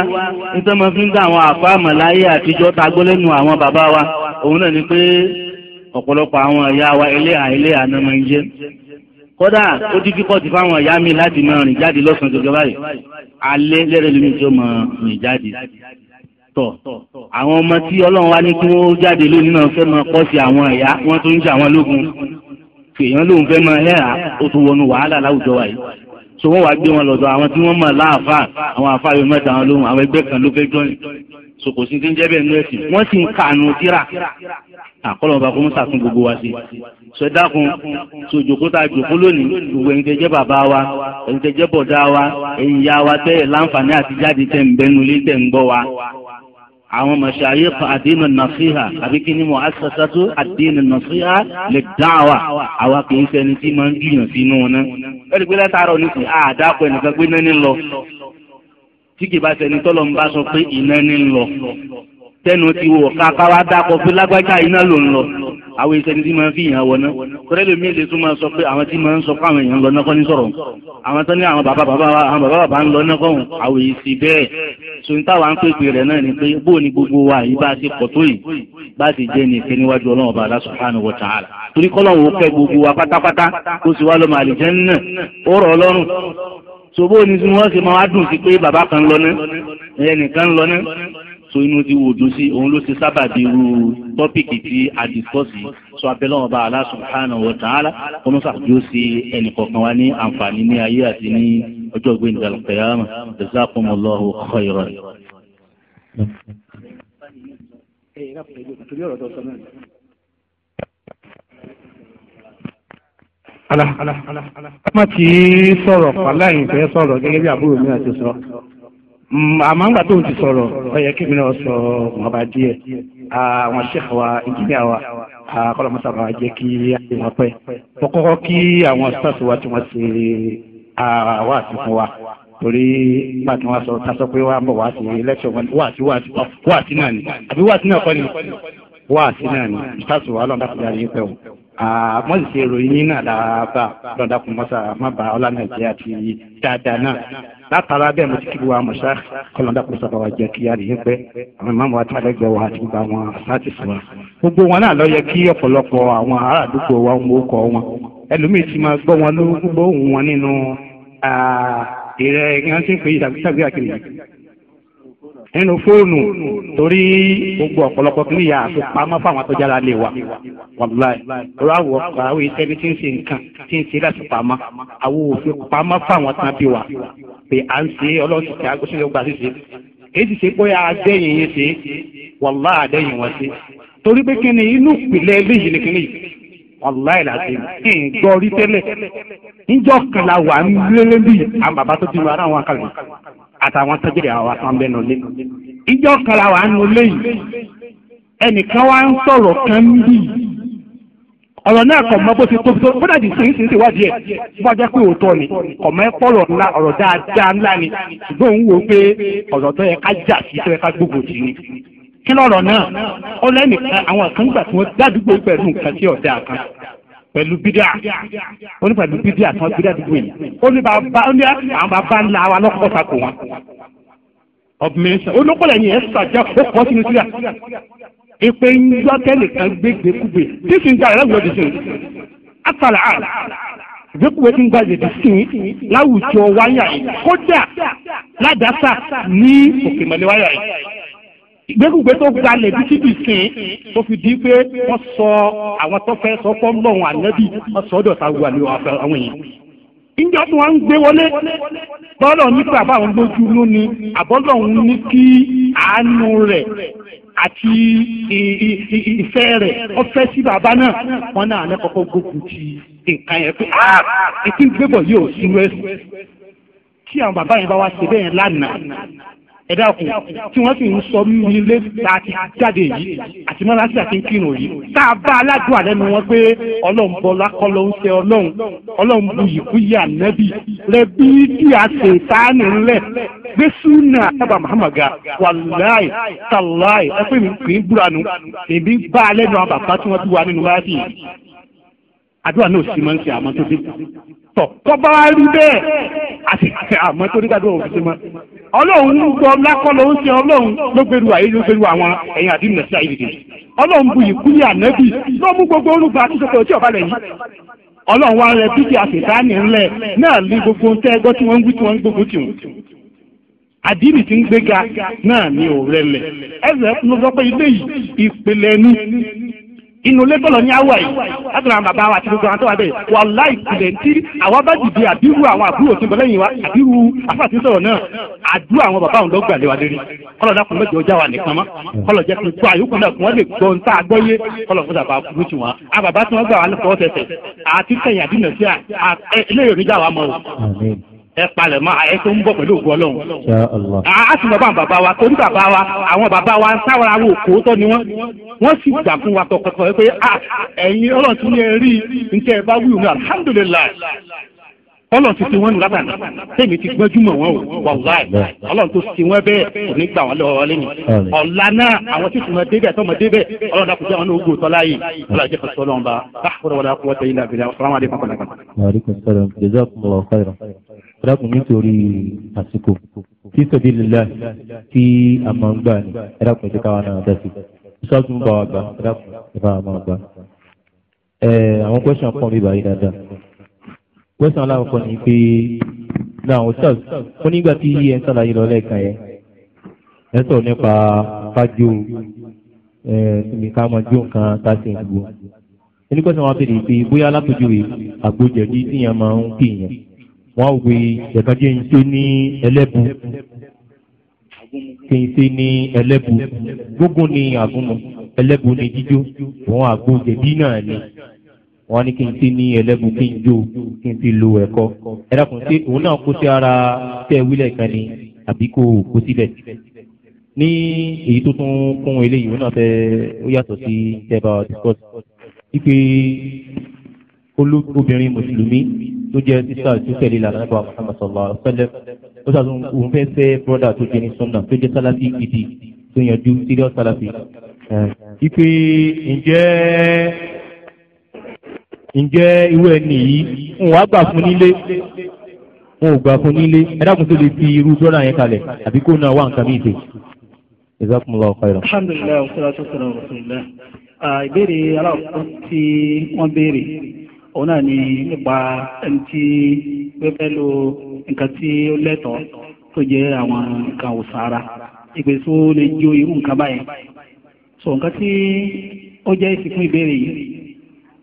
nítorí wọn fi ń dá àwọn àfáàmọ̀ láyé àtijọ́ tagbólẹ́nu àwọn bàbá wa òun náà ni pé ọ̀pọ̀lọpọ̀ àwọn ẹ̀yà wa eléyà eléyà náà máa ń jẹ́ kódà ó dín kíkọ́ ti fáwọn ẹ̀yà mi láti máa rìn jáde lọ́sàn-án gẹ́gẹ́ báyìí alẹ́ lẹ́rẹ̀ lómi tí ó máa rìn jáde tọ̀ àwọn ọmọ tí ọlọ́run wá ní kí wọ́n jáde lónìí náà fẹ́ máa kọ́ sí àwọn ẹ̀yà wọ́n tó ń jà wọ́n lógun fèèyàn lòun fẹ́ máa hẹ́ra ó tún wọnú wàhálà láwùjọ wa yìí so wọ́n wá gbé wọn lọ́dọ̀ àwọn tí wọ́n mọ̀ láàfáà àwọn àfáà yóò mẹ́ta wọn lóhùn àwọn ẹgbẹ́ kan ló fẹ́ jọyìn sokosi ti ń jẹ́ bẹ́ẹ̀ nẹ́ẹ̀sì wọ́n sì ń kànú tíra àkọlọ́ bá kó ń sàkún gbogbo wa sí sọ dákun sọ jòkó ta jòkó lónìí gbogbo ẹ̀yin tẹ́ jẹ́ bàbá wa ẹ̀yin tẹ́ jẹ́ bọ̀dá wa ẹ̀yin ya wa tẹ́ láǹfààní àti jáde tẹ́ ń bẹnu lé tẹ́ ń gbọ́ wa àwọn mashayikh àdínà nàṣíhà àbí kí ni mo àṣàṣàtú àdínà nàṣíhà lè da'wa àwa kì í ṣẹni tí máa ń gbìyànjú náà náà ẹ tí kì bá sẹni tọ́lọ̀ ń bá sọ pé iná ní ń lọ tẹnu ti wò káká wá dákọ̀ pé lágbájá iná ló ń lọ àwọn ìṣẹ́ni tí máa ń fi ìyàn wọ náà kọ́rẹ́ lè mí lè tún máa sọ pé àwọn tí máa ń sọ pé àwọn èèyàn ń lọ náà ní sọ̀rọ̀ àwọn tó ní àwọn bàbá bàbá àwọn bàbá bàbá ń lọ náà kọ́ àwọn èsì bẹ́ẹ̀ sóun táwa ń pèpè rẹ̀ náà ni pé bóò ni gbogbo wa yìí bá ti pọ̀ tó yìí bá ti jẹ́ ní ìkẹ́ níwájú ọlọ́run ọba Allah subhanahu wa ta'ala torí kọ́lọ́run ó kẹ́ gbogbo wa pátápátá kó sì wá lọ́mọ àlìjẹ́ náà ó rọ̀ ọlọ́run sobo ni sinmi wọn ṣe máa wá dùn sí pé bàbá kan lọ ná ẹnìkan lọ ná so inú ti wò dùn sí òun ló ṣe sábà di irú tọ́pìkì tí a dìskọ́sì so abẹ́lẹ́wọ̀n bá Allah subhanahu wa ta'ala kọ́mọ́sà yóò ṣe ẹnìkọ̀ọ̀kan wa ní àǹfààní ní ayé àti ní ọjọ́ ìgbéni al-qiyama jazakumullahu khairan. má ti sọ̀rọ̀ pàláyìn fẹ́ sọ̀rọ̀ gẹ́gẹ́ bí àbúrò mi àti sọ mm, àmọ́ ńgbà tó ń ti sọ̀rọ̀ ó yẹ kí mi náà sọ wọn bá díẹ̀ àwọn sèkè wa ìjìnlẹ̀ wa kọ́lọ́mọ́sá bá jẹ́ kí àwọn pẹ́ kọ́kọ́ kí àwọn stars wa tí wọ́n ṣe wá àti fún wa torí nígbà tí wọ́n sọ tasọ pé wọ́n á bọ̀ wá sí election wá àti wá àti wá àti náà ni àbí wá àti náà kọ́ ni wá àti náà ni stars wa lọ́nà bá ti darí pẹ́ o àmọ́ ah, ìṣe ìròyìn yín náà láàbà lọ́dà kún mọ́sá má bàa ọlá nàìjíríà ti dáadáa náà látara bẹ́ẹ̀ mo ti kí wa mọ̀ṣá kọlọ́dà kún sábà wa jẹ́ kí a rèé pẹ́ àwọn ìmáàmù àti alẹ́gbẹ̀ẹ́ wa àti gbogbo àwọn àṣàtì fún wa. gbogbo wọn náà lọ yẹ kí ọ̀pọ̀lọpọ̀ àwọn ará wa ń kọ́ wọn ẹlòmíì ti máa gbọ́ wọn ló gbogbo òun wọn nínú ah, ìrẹ́ ìrántí pé ìdàgbàsàgbé nínú fóònù torí gbogbo ọ̀pọ̀lọpọ̀ kí nìyà àti pamọ́ fáwọn atọ́jára lè wà wàláì rọ àwọ̀ àwọn ìtẹ́ni tí ń ṣe nǹkan tí ń ṣe láti pamọ́ òfin pamọ́ ṣe ti tẹ ló gbà ṣíṣe kì í ṣe pé adẹ́yìn yẹn ṣe ṣe torí pé kí ni inú ìpìlẹ̀ eléyìí ni kí ni yìí láti kí n gbọ́ rí tẹ́lẹ̀ níjọ́ kan la wà ń àtàwọn sọ́jìrì àwọn àtàwọn nù lé. ìjọ kan la wà nù léyìí ẹnìkan wá ń sọ̀rọ̀ kan bí ọ̀rọ̀ náà kọ̀ mọ́ bó ti tó tó bó dàdí sìn sìn síwájú ẹ̀ bó jẹ́ pé òótọ́ ni kọ̀ mọ́ ẹ̀pọ̀lọ̀ ńlá ọ̀rọ̀ dáadáa ńlá ni ṣùgbọ́n òun wò pé ọ̀rọ̀ tó yẹ ká jà sí tó yẹ ká gbógun tì ní kí lọ́rọ̀ náà ó lẹ́nìkan àwọn kan tí wọ́n dádúgbò pẹ̀lú nǹkan tí ọ̀dà kan pẹ̀lú bídíà ó ní pẹ̀lú bídíà tán bídíà ti gbìn ó ní bàbá ó ní àwọn bàbá ńlá wa lọ́kọ̀ ta kò wọn. ọ̀bùnmẹ́sà olókòlẹ̀ yẹn sàjà ó kọ́ sínú síra ìpè ń yọ kẹ́nìkan gbégbé kúgbe tí sì ń jà rẹ̀ lọ́dún sí i. àtàlà àlà ìgbékùwé tí ń gba ìdèdè sí i láwùjọ wáyà yìí kódà ládàásà ní òkè mọ̀lẹ́wáyà yìí ìgbékùgbé tó gbalẹ̀ títí di sìn tó fi di pé wọ́n sọ àwọn tó fẹ́ sọ fọ́ńlọ́hún ànábì wọ́n sọ ọ́dọ̀ ta wà ní àwọn yìí. ìjọ tí wọ́n ń gbé wọlé bọ́lọ̀ ní pé àbáwọn lójú ló ni àbọ́lọ̀ ń ní kí àánú rẹ̀ àti ìfẹ́ rẹ̀ ọ̀fẹ́ sí bàbá náà wọ́n náà ní kọ́kọ́ gbógun ti nǹkan yẹn pé ah ètí ń gbébọ̀ yóò sún ẹ̀sìn tí àwọn bàbá yẹn bá wá ṣe bẹ́ẹ̀ lánàá ẹ tí wọ́n sì ń sọ jáde yìí àti sí àti kírun yìí bá aládùn wọn pé ọlọ́run ló ń ṣe ọlọ́run ọlọ́run bu ìkú a ṣe sáánì ńlẹ̀ gbé súnà àtàbà mahamaga wàláì mi kì í búra nu èmi bá tí wọ́n bí wa nínú tọ̀ tọ́ba rí bẹ́ẹ̀ àti àmọ́ tó ní kádùn òun ti mọ́ ọlọ́run ń gbọ́ lákọ́ ló ń ṣe ọlọ́run ló gbèrú àyè ló gbèrú àwọn ẹ̀yìn àdínà sí àyè dìde ọlọ́run bu ìkúlẹ̀ ànábì ló mú gbogbo olùgbà àtúnṣepọ̀ tí ọ̀bá lẹ̀ yìí ọlọ́run wa rẹ bíkì àṣetánì ńlẹ̀ náà ní gbogbo ń tẹ́gbọ́ tí wọ́n ń wí tí wọ́n ń gbógun tì wọ́n àdínì tí ń gbéga náà ní òrẹ́lẹ̀ ẹ̀sẹ̀ ló sọ pé ilé yìí ìpìlẹ̀ ní inú lébọ̀lọ̀ ní awọ yìí látọ̀rọ̀ àwọn bàbá wa àti gbogbo àwọn tó wà bẹ́ẹ̀ wà láì tilẹ̀ ntí àwọn bá dìde àbírú àwọn àbúrò tó ń bọ̀ lẹ́yìn wa àbírú afáàtì sọ̀rọ̀ náà àdúrà àwọn bàbá òun lọ́gbà lé wa lérí kọ́lọ̀ dàkú mẹ́jọ ọjà wa nìkan mọ́ kọ́lọ̀ jẹ́ kí n gbọ́ àyókù náà kí wọ́n lè gbọ́ ń tá a gbọ́ yé kọ́lọ̀ fún bàbá kúrú tì wọ́n a bàbá tí wọ́n gbà wà lọ́kọ̀ọ́ tẹ̀tẹ̀ àti kẹ̀yìn àdínà sí à ẹ palẹ̀ mọ́ àyè tó ń bọ̀ pẹ̀lú ògùn ọlọ́run. a sì lọ bá bàbá wa torí bàbá wa àwọn bàbá wa ń sáwọn ará òkú tó ni wọ́n wọ́n sì gbà fún wa tọkọtọ pé ah, ẹ̀yin ọlọ́run ti ní ẹ rí nǹkẹ́ ẹ bá wíwù ní alihamudulilayi ọlọ́run ti ti wọ́n nù lábàánà tẹ̀mí ti gbẹ́júmọ̀ wọn o wàláì ọlọ́run tó ti wọ́n bẹ́ẹ̀ kò ní gbà wọ́n lọ́wọ́ lẹ́nu ọ̀la náà àwọn tí tìmọ̀ débẹ̀ tọmọ débẹ̀ ọlọ́run dàkú jẹ́ àwọn ogun ìtọ́lá yìí ọlọ́run jẹ́ pẹ̀sọ́ lọ́nba láàkúrọ̀ wọlé akọ́wọ́ tẹ̀yìn lábẹ́rẹ́ àwọn sọ́lámà dé kọ́kọ́ lákùn nítorí àsìkò tí sọdílélá tí a máa ń gbà ní ẹ̀dàkùn ìjọba wa náà dẹ́sí ṣáàtú ń bá wa gbà ẹ̀dàkùn ìjọba wa máa gbà. àwọn kwẹ́sàn kan mi báyìí dáadáa kwẹsàn aláwọkọ ni pé náà àwọn ṣọọṣ fún nígbà tí ẹ e ń ṣàlàyé lọ lẹ́ẹ̀kan yẹn ẹ sọ nípa fájú ẹ nìkan máa jó nǹkan tá a ṣe ń gbó ẹni kwẹsàn wọn bèrè pé bóyá alápèjúwe àgbójẹbí tíyẹn máa ń pè yẹn wọn ò pe ẹ̀kájẹ́ ń ṣe ní ẹlẹ́bu kì í ṣe ní ẹlẹ́bu gbogbo ni àgúnmu ẹlẹ́bu ni jíjó wọn àgbójẹbí náà ni wọ́n ní kí n ti ní ẹlẹ́bùn kí n jó kí n ti lo ẹ̀kọ́ ẹ dákun sí òun náà kó sí ara tẹ́ wílẹ̀ kan ni àbí kò kó síbẹ̀ ní èyí tó tún kún eléyìí òun náà fẹ́ ó yàtọ̀ sí tẹ́bà discourse wípé olóbìnrin mùsùlùmí tó jẹ́ sísá tó tẹ̀lé ìlànà nípa Muhammad sallallahu alaihi wasallam ó sàtún òun fẹ́ fẹ́ brọ́dà tó jẹ́ ní sunna tó jẹ́ sálàfì gidi tó yanjú serious sálàfì wípé ǹjẹ́ ǹjẹ́ irú ẹni yìí ń wàá gbà fún nílé wọn ò gbà fún nílé ẹ dákun tó lè fi irú brọ́dà yẹn kalẹ̀ àbí kó náà wá nǹkan mìíràn jazakumullahu khairan. alhamdulilayi wa salatu wa salam wa rasulillah. ìbéèrè aláwọ̀ tí wọ́n béèrè òun náà ni nípa ẹni tí wọ́n fẹ́ lo nǹkan tí ó lẹ́tọ̀ọ́ tó jẹ́ àwọn nǹkan òsàrà ìpè tó lè jó irú nǹkan báyẹn. so nǹkan tí ó jẹ́ ìsìnkú ìbéèrè yìí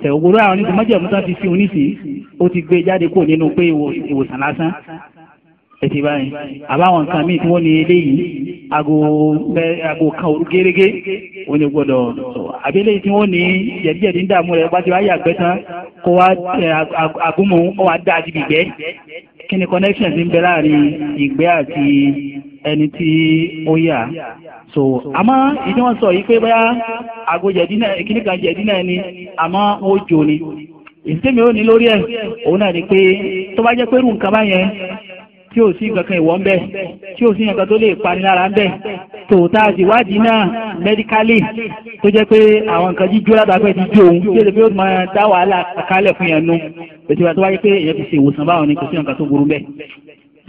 ṣẹ̀wòrò àwọn oníṣẹ́ májẹ̀mú tán ti fi oníṣì ó ti gbé jáde kó nínú pé ìwòsàn lásán ẹ̀sì báyìí àbáwọn nǹkan míì tí wọ́n ní eléyìí aago bẹ́ẹ̀ aago kan òru gérégé ó ní gbọ́dọ̀ sọ àbílẹ̀ tí wọ́n ní jẹ̀díjẹ̀dí ń dààmú rẹ̀ bá ti wá tán kó wá agúnmọ̀ ó wá dá àdìbì gbẹ́ kí ni connection ti ń bẹ láàrin ìgbẹ́ àti ẹni tí ó yà so àmọ́ ìdí wọ́n sọ yìí pé bóyá àgbo jẹ̀dínà kíní kan jẹ̀dínà ni àmọ́ ó jò ni ìsítẹ́mi ó ní lórí ẹ̀ òun náà ni pé tó bá jẹ́ pé irú nǹkan báyẹn tí ò sí nǹkan kan ìwọ́ ń bẹ̀ tí ò sí nǹkan tó lè pani lára ń bẹ̀ tòótá àtiwádìí náà mẹ́díkálì tó jẹ́ pé àwọn nǹkan jíjó látàgbẹ́ ti jó òun tí èdè pé ó máa dá wàhálà kálẹ̀ fún yẹn nu ètò ìgbà tó wáyé pé èèyàn ti ṣe ìwòsàn báwọn ni kò sí nǹkan tó burú bẹ́ẹ̀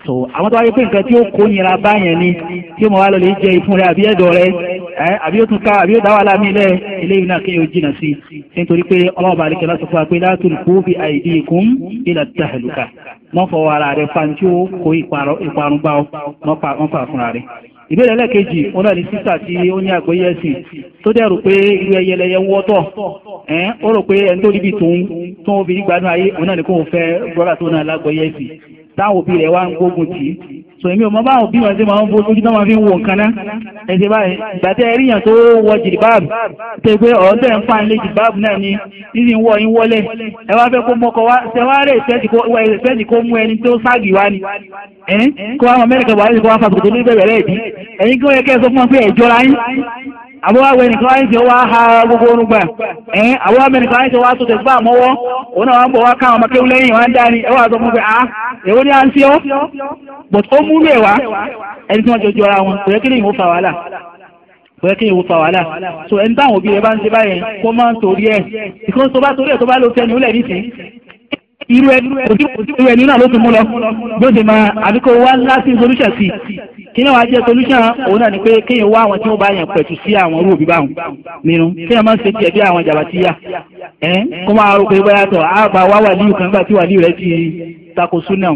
so àwọn tó wáyé pé nǹkan tí ó kó nira báyẹn ni tí mo wá lọ lè jẹ ìfun rẹ àbí ẹ̀dọ̀ rẹ àbí ó tún ká àbí ó dá wàhálà mi lẹ eléyìí náà kéèyàn jìnnà sí i ṣé nítorí pé ọlọ́ọ̀bà àlekè láti fún wa pé látòlù kó fi àìdí ikún ìlà tàhálùkà wọ́n fọwọ́ ara rẹ̀ fáńtí ó kó ìparun bá ọ wọ́n fà fúnra rẹ̀ ìbéèrè lẹ́ẹ̀kejì òun náà ni sísà tí ó ní àgbóyé ẹ̀sìn tó dẹ̀ rò pé irú ẹyẹlẹyẹ ń wọ́tọ̀ ó rò pé ẹni tó ríbi tòun tó ń fi gbádùn ayé òun náà ni kò fẹ́ brọ́dà tó náà lágbóyé ẹ̀sìn táwọn òbí rẹ̀ wá ń gbógun tì í sọ èmi ò mọ báwọn òbí wọn ṣe máa ń bó lójú náà wọn fi ń wo nǹkan ná ẹsẹ báyìí gbàtẹ ẹríyàn tó wọ jìdìbáàbù tẹ pé ọ̀rọ̀ tẹ̀ ń fa ilé jìdìbáàbù náà ni níbi wọ yín wọlé ẹ wá fẹ́ kó mọ́kọ wá ṣe wá rẹ̀ ìfẹ́sì kó mú ẹni tó ságì wá ni kó wá mọ mẹ́rin kan wà lẹ́sìn kó wá fa tòkòtò ní bẹ̀rẹ̀ rẹ̀ dí ẹ̀yin kí wọ́n yẹ kẹ́ ẹ sọ fún wọn pé ẹ̀jọ́ra yín àwọn àwọn ẹnìkan wáyé tí ó wá ha gbogbo orun gbà ẹ̀yìn àwọn àwọn ẹnìkan wáyé tí ó wá tó tẹ̀síbà mọ́wọ́ òun náà wá ń bọ̀ wá káwọn ọmọ kéwú lẹ́yìn wọn dání ẹ wá sọ fún pé a èwo ni à ń tíọ́ but ó múlò ẹ̀ wá ẹni tí wọ́n jọjú ara wọn kò yẹ kí ni ìwò fa wàhálà kò yẹ kí ìwò fa wàhálà so ẹni táwọn òbí rẹ bá ń ṣe báyẹn kó máa ń torí ẹ because tó bá torí ẹ tó bá lọ fẹ́ni ó lẹ̀ nísìnyí irú ẹni náà ló tún mú lọ bí ó ti máa àbíkó wá láti solution sí kí ni wàá solution òun náà ni pé kéèyàn wá àwọn tí wọ́n bá yàn pẹ̀tù sí àwọn irú òbí báwọn nínú kéèyàn máa ń ṣe tiẹ̀ bí àwọn jàbátíyà ẹ̀ kó máa rò pé bóyá tọ̀ á gba wá wàlíù kan nígbà tí wàlíù rẹ̀ ti tako súnà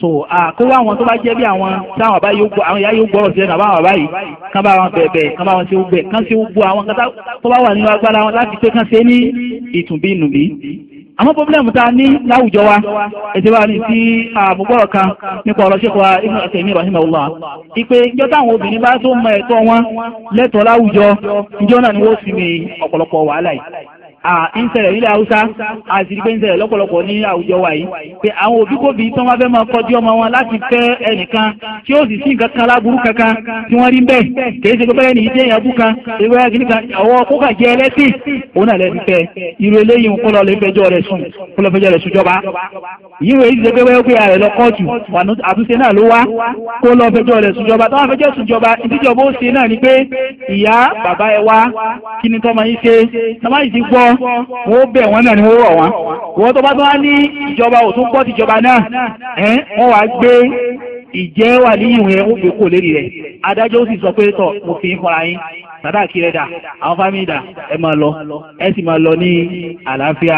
so kó wá àwọn tó bá jẹ́ bí àwọn táwọn àbá yóò àwọn ìyá yóò gbọ́rọ̀ sí ẹ̀nà àbáwọn àbá yìí kán bá wọn bẹ̀bẹ̀ kán bá wọn ṣe gbẹ kán ṣe gbọ àwọn kan tó bá wà nínú agbára wọn láti pé kán ṣe ní ìtùnbí ìnùbí àmọ́ pọ́blẹ́mù tá a ní láwùjọ wa ètò wa ní sí àmúgbọ́rọ̀ kan nípa ọ̀rọ̀ ṣẹ́kọ̀ wa ibn Uthaymeen rahimahullah ipe ìjọ táwọn obìnrin bá tó mọ ẹ̀tọ́ wọn lẹ́tọ̀ọ́ láwùjọ ìjọ náà ni wọ́n sì ní ọ̀pọ̀lọpọ̀ wàhálà yìí ń ṣẹlẹ̀ nílẹ̀ haúsá àti pé ń ṣẹlẹ̀ lọ́pọ̀lọpọ̀ ní àwùjọ wa yìí pé àwọn òbí kò bí tí wọ́n bá fẹ́ máa kọjú ọmọ wọn láti fẹ́ ẹnìkan tí ó sì sí nǹkan kan láburú kankan tí wọ́n rí ń bẹ̀ kìí ṣe pé bẹ́ẹ̀ nìyí jẹ́ ìyàbú kan ewé akíní kan ọwọ́ kókà jẹ́ ẹlẹ́sìn òun náà lẹ́nu fẹ́ irú eléyìí ń kọ́lọ́ lè fẹjọ́ rẹ̀ sùn kọ́lọ́ fẹjọ́ rẹ̀ sùjọba yìí wọ́n ṣe pé wọ́n pé ààrẹ lọ kóòtù àtúnṣe náà ló wá kó lọ fẹjọ́ rẹ̀ sùjọba táwọn fẹjọ́ sùjọba ìdíjọba ó ṣe náà ni pé ìyá bàbá ẹ wá kí ni tọ́mọ yín ṣe tọ́mọ yìí ti gbọ́ wọ́n bẹ̀ wọ́n náà ni wọ́n rọ̀ wọ́n wọ́n tó bá tó wá ní ìjọba òtún pọ̀ tìjọba náà wọ́n wá gbé ìjẹ́ wà níyìí yẹn ó fi kó lérí rẹ̀ adájọ́ ó sì sọ pé tọ̀ mo fi ń fọra yín e ma dà àwọn fámìlì dà ẹ máa lọ ẹ sì lọ ní àlàáfíà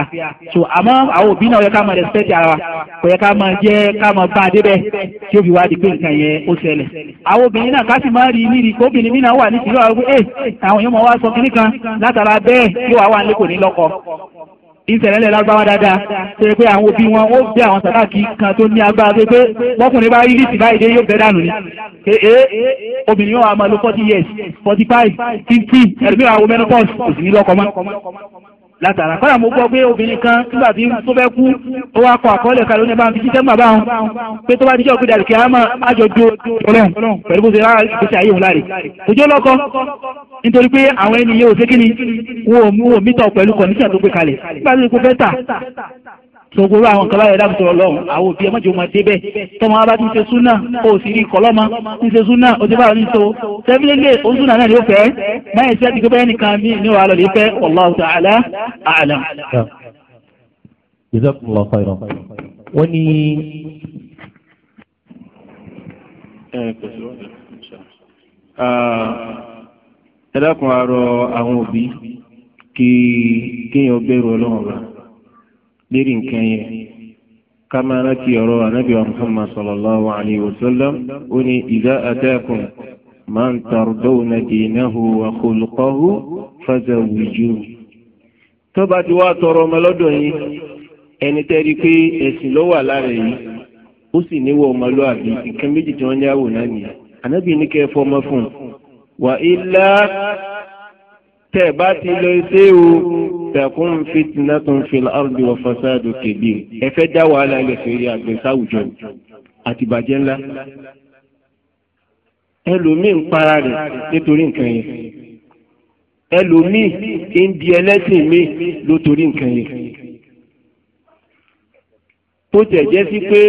so àmọ́ àwọn òbí náà yẹ ká máa respect ara wa kò yẹ ká máa jẹ́ ká máa bá a débẹ̀ tí ó fi wá di pé nǹkan yẹn ó ṣẹlẹ̀ àwọn obìnrin náà ká sì máa rí níbi kó obìnrin látara bẹ́ẹ̀ yóò wá wà nílé kò ìṣẹ̀lẹ̀lẹ̀ lágbára dáadáa ṣe pé àwọn òbí wọn ó bí àwọn sàkáàkì kan tó ní agbára pé pé wọ́kùnrin bá rí lìsì báyìí dé yóò bẹ́ dànù ni pé é obìnrin yóò wá máa lo forty years forty five fifty ẹ̀rọ mi àwọn menopause kò sì ní lọ́kọ mọ́ látara kọ́dà mo gbọ́ pé obìnrin kan nígbà tí tó fẹ́ kú ó wá kọ àkọọ́lẹ̀ kan lónìí bá ń fi jíṣẹ́ mọ̀ bá wọn pé tó bá dijọ́ pé dàrí kìá máa àjọ ju ọlọ́run pẹ̀lú bó ṣe rárá ìgbésẹ̀ ayé òun láre kò jó nítorí pé àwọn ènìyàn ò sé kí ni wọn ò mítọ̀ pẹ̀lú kọ̀níṣà tó gbé kalẹ̀ nígbà tí kò fẹ́ tà sogoro àwọn kan báyọ̀ dábùtò ọlọ́run àwọn òbí ẹmọ́jọ máa débẹ̀ tọmọ abá ti ń ṣe súnà ó sì rí kọlọ́mọ ń ṣe súnà ó ti bá wọn so sẹ́fílẹ́lẹ́ òun súnà náà ló fẹ́ báyìí sẹ́ẹ̀tì gbé bẹ́ẹ̀ nìkan mí ní wàhálà lè fẹ́ wallahu ta'ala a'lam. jazakumullahu khairan wọ́n ní. ẹ dákun arọ àwọn òbí kí kéèyàn bẹ̀rù ọlọ́run rà lérí nǹkan yẹn ká máa rántí ọ̀rọ̀ anábì wa muhammad sallallahu alayhi wa sallam ó ní idha atakum man tardawna dinahu wa khuluqahu fazawwijuhu. tó bá ti wá tọrọ ọmọ lọ́dọ̀ yín ẹni tẹ́rí pé ẹ̀sìn ló wà lára yìí ó sì níwọ ọmọlúwàbí nǹkan méjì tí wọ́n yáwò náà nìyẹn anábì ní kẹ́ ẹ fọmọ fún un wà ilá tẹ̀ bá ti lọ ṣé o takun fitnatun fil ardi wa fasadu kabir ẹ fẹ́ dá wàhálà ilẹ̀ fèrè àgbẹ̀sáwùjọ àtìbàjẹ́ ńlá ẹlòmíì ń para rẹ̀ nítorí nǹkan yẹn ẹlòmíì ń di ẹlẹ́sìn mi lótorí nǹkan yẹn tó tẹ̀ jẹ́ sí pé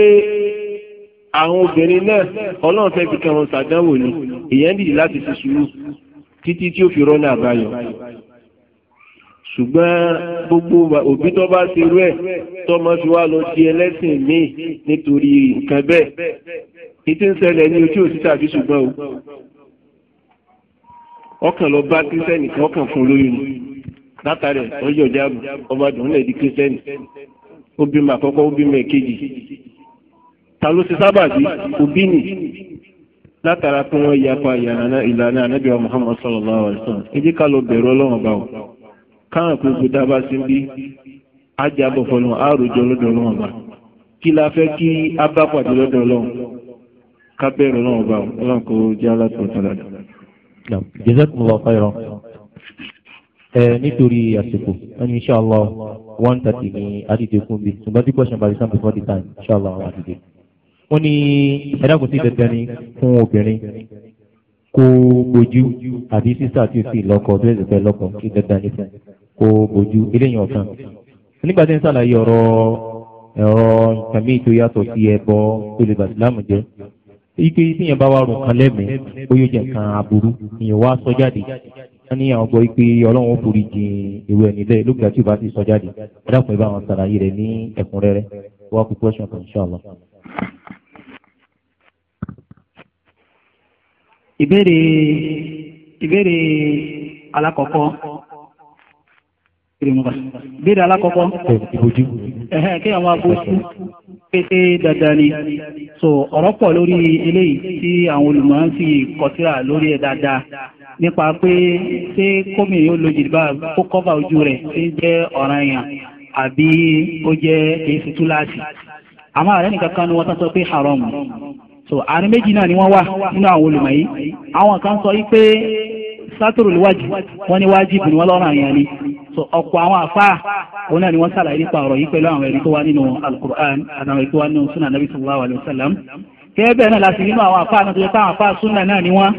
àwọn obìnrin náà ọlọ́run fẹ́ fi kàn wọn ṣàdánwò ni ìyẹn nìyí láti fi sùúrù títí tí ó fi rọ́nà àbáyọ ṣùgbọ́n gbogbo òbí tó bá ti rú ẹ̀ tọmọ fi wá lọ di ẹlẹ́sìn míì nítorí nǹkan bẹ́ẹ̀ ètò ń ṣẹlẹ̀ ní ojú òsì tàbí ṣùgbọ́n o ọkàn lọ bá kírísítẹ́nì kan ọkàn fún lóyún ni látàrí ọjọ́ ìjáàbù ọba dùn lẹ̀ di kírísítẹ́nì ó bímọ àkọ́kọ́ ó bímọ èkejì ta ló ti sábà bí òbí nì látara pé wọ́n yapa ìlànà ànábìá Muhammad sallallahu alaihi wasallam ẹ jẹ́ ká lọ bẹ̀rù ọlọ́run báwọn káwọn gbogbo dábàá sí bí ajábọ̀ fọlọ́n àròjọ lọ́dọ̀ ọlọ́run ọba kí la fẹ́ kí a bá pàdé lọ́dọ̀ ọlọ́run ká bẹ̀rù ọlọ́run ọba ọlọ́run kò jẹ́ alátọ̀tọ̀lá. jazakumullahu khairan nítorí àsìkò ẹni inshallah one thirty ní adìde kún bí ṣùgbọ́n tí question by the time before the time inshallah àwọn adìde. wọ́n ní ẹ̀dàkùn sí dandan ni fún obìnrin kó gbojú àbí sísá tí ó sì tó ẹ̀sìn fẹ́ lọ́kọ̀ kí dandan ní fún un kó ojú eléyìí ọ̀kan nígbà tí ń sàlàyé ọ̀rọ̀ ẹ̀rọ nǹkan míì tó yàtọ̀ sí ẹbọ tó lè bàtìlámù jẹ́ ike tíyẹn bá wà rùn kan lẹ́mìí ó yóò jẹ́ nǹkan aburú ìyẹn wá sọ jáde wọ́n ní àwọn gbọ́ pé ọlọ́run ó forí jìn ìwé ẹni lẹ́yìn lókè tí o bá ti sọ jáde ẹ dákun ẹ bá wọn sàlàyé rẹ̀ ní ẹ̀kúnrẹ́rẹ́ wọ́n á kú question kan inshallah. ìbéèrè ìbéèrè alákọ̀ọ́kọ́. ìrìnwá béèrè alákọ̀ọ́kọ́ ìbòjú kí àwọn abojú pété dandan ni so ọ̀rọ̀ pọ̀ lórí eléyìí tí àwọn olùmọ̀ ń fi kọtíra lórí ẹ̀ dáadáa nípa pé ṣé kómìnrin ó lo jìdìbà kó kọ́fà ojú rẹ̀ ṣe ń jẹ́ ọ̀ràn èèyàn àbí ó jẹ́ èéfì túláàsì àmọ́ ni wọ́n sọ pé haram so àárín méjì náà ni wọ́n wà nínú àwọn olùmọ̀ yìí àwọn kan sọ sátòrò lè so ọ̀pọ̀ àwọn àfáà òun náà ni wọ́n ṣàlàyé nípa ọ̀rọ̀ yìí pẹ̀lú àwọn ẹ̀rí tó wá nínú alukur'an àtàwọn ẹ̀rí tó wá nínú sunan nabi sallallahu alayhi wa sallam kẹ́ẹ̀bẹ̀ náà láti nínú àwọn àfáà náà tó yẹ káwọn àfáà súnà náà ni wọ́n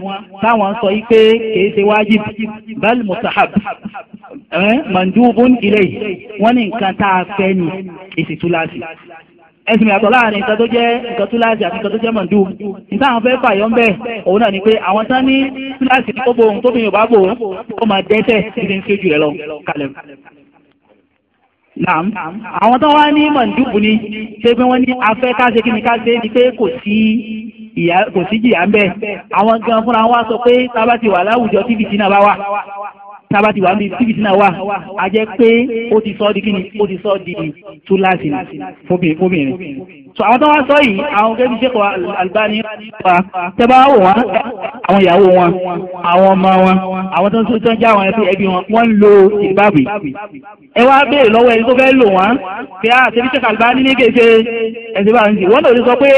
táwọn ń sọ yí pé kìí ṣe wájib bal mustahab mandubun ilay wọ́n ní nǹkan tá a fẹ́ ni èsì túláàsì ẹ̀sìn ìyàtọ̀ láàrin nǹkan tó jẹ́ nǹkan túláàsì àti nǹkan tó jẹ́ mọ̀ndú nígbà àwọn fẹ́ fàyọ́ ń bẹ̀ òun náà ni pé àwọn tán ní túláàsì tó bo ohun tó bí yorùbá bò ó máa dẹ́sẹ̀ níbi ń kéjù rẹ̀ lọ kalẹ̀. Naam, àwọn tán wá ní mọ̀ndúbù ni ṣé pé wọ́n ní afẹ́ káṣe kí ni káṣe ni pé kò sí ìyá kò sí jìyà ń bẹ̀. Àwọn gan fúnra wọn sọ pé tábà wà láwùjọ tí fìtínà bá wà tába ti wà ní tíbi tí náà wà á jẹ́ pé ó ti sọ ọ́ di kíni ó ti sọ ọ́ di túláàsì fóbìnrin. sọ àwọn tó wá sọ yìí àwọn gẹ́gẹ́ bí sẹ́kọ̀ọ́ Albani wa tẹ́bá wò wọ́n àwọn ìyàwó wọn àwọn ọmọ wọn àwọn tó ń tó ń já àwọn ẹbí wọn wọ́n ń lo ìbáwí. ẹ wá béèrè lọ́wọ́ ẹni tó fẹ́ lò wọ́n pé àtẹ̀bí ah, sẹ́kọ̀ọ́ Albani ní kéde ẹ̀sìn bá ń sè wọ́n lò ní sọ pé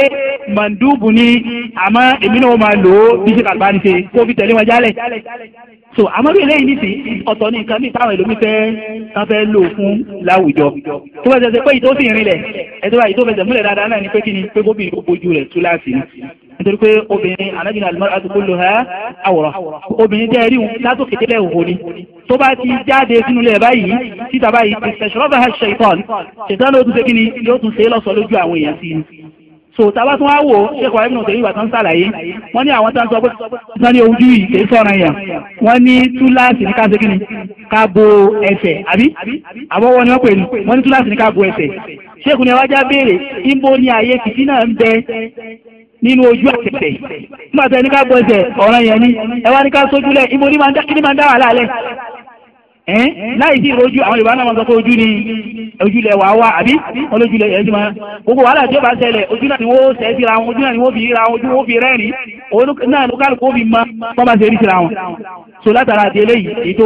màndúbù ni àmọ́ èmi náà máa lò ó bí ṣe kàlùbá ní ṣe kó fi tẹ̀lé wọn jálẹ̀ so àmọ́ bí eléyìí nìsín ọ̀tọ̀ ní nǹkan míì táwọn èlòmí fẹ́ tán fẹ́ lò fún láwùjọ tó fẹ́ sẹ́sẹ́ pé ìtòsí ìrìnlẹ̀ ẹ̀tọ́ báyìí tó fẹsẹ̀ múlẹ̀ dáadáa náà ni pé kí ni pé gómìnà ó bójú rẹ̀ tú láàfin nítorí pé obìnrin anábìnrin alimọ́ra ti kó lò ha àwòrán obìnrin jẹ́ ẹ̀ríhun látòkè délẹ̀ òhò ni tó bá ti jáde sínú ilẹ̀ báyìí títa báyìí ti sẹ̀ṣọ́ bá ṣe ìtọ́n ṣètọ́n ló tún ṣe kí ni yóò tún ṣe é lọ́sọ̀ọ́ lójú àwọn èèyàn sí i so tábà tún wá wò ó ṣe kọ́ ẹ̀mí òtẹ̀yìn ìwà tó ń wọ́n ní àwọn tó pé wọ́n ojú yìí kì í sọ̀rọ̀ yẹn wọ́n ní túláàsì ní káṣe kínní ká bo ẹsẹ̀ àbí àbọ̀wọ́ ni wọ́n pè ní wọ́n ní túláàsì ní ká bo ẹsẹ̀ ṣéèkù ni wájà béèrè níbo ni ààyè fìtí náà ń bẹ nínú ojú àtẹ̀tẹ̀ nígbà tó ẹni ká bo ẹsẹ̀ ọ̀ràn yẹn ni ẹ wá ní ká sójúlẹ̀ ibo ni máa ń dá láì sí ìrojú àwọn yorùbá náà máa sọ pé ojú ni ojúlẹ̀ wàá wá àbí olójúlẹ̀ yẹn ti máa gbogbo wàhálà tí ó bá ṣẹlẹ̀ ojú náà ni wọ́n ṣẹ́ síra wọn ojú náà ni wọ́n fi ra wọn ojú wọ́n fi rẹ́rìn òun náà ló kálukú ó fi mọ wọ́n bá ṣe rí síra wọn. so látara àti eléyìí èyí tó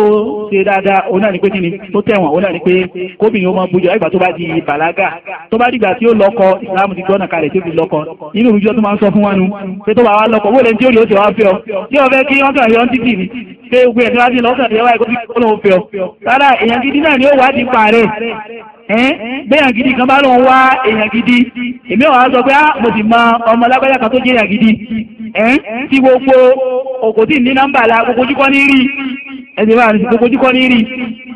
ṣe dáadáa òun náà ni pé kíni tó tẹ̀wọ̀n òun náà ni pé kóbìnrin ó máa bójú àgbà tó bá di bàlágà tó bá dìgbà tí ó lọ́kọ ìsìlámù ti gbọ́nà kalẹ̀ tó fi lọ́kọ inú ìrújú tó máa ń sọ fún wọn nu pé tó bá wá lọ́kọ wọ́n lè ń tí ó rí ó ti wá fẹ́ ọ tí ó fẹ́ kí wọ́n kàn yọ ọ́n títì ni pé gbogbo ẹ̀ tí wọ́n ti lọ́kàn tí wọ́n wá ẹ̀kọ́ tí ó lóun fẹ́ ọ rárá èèyàn gidi náà ni ó wá di parẹ́ ẹ́n bẹ́ẹ̀yàn gidi kan bá lóun wá èèyàn gidi èmi wàá sọ pé á ah, mo sì mọ ọmọ lágbájá kan tó jẹ́ èèyàn gidi ẹ́n tí gbogbo òkòtì ní nọ́mbà la gbogbo ojú kọ́ ní rí ẹ̀sìn bá ní gbogbo ojú ní rí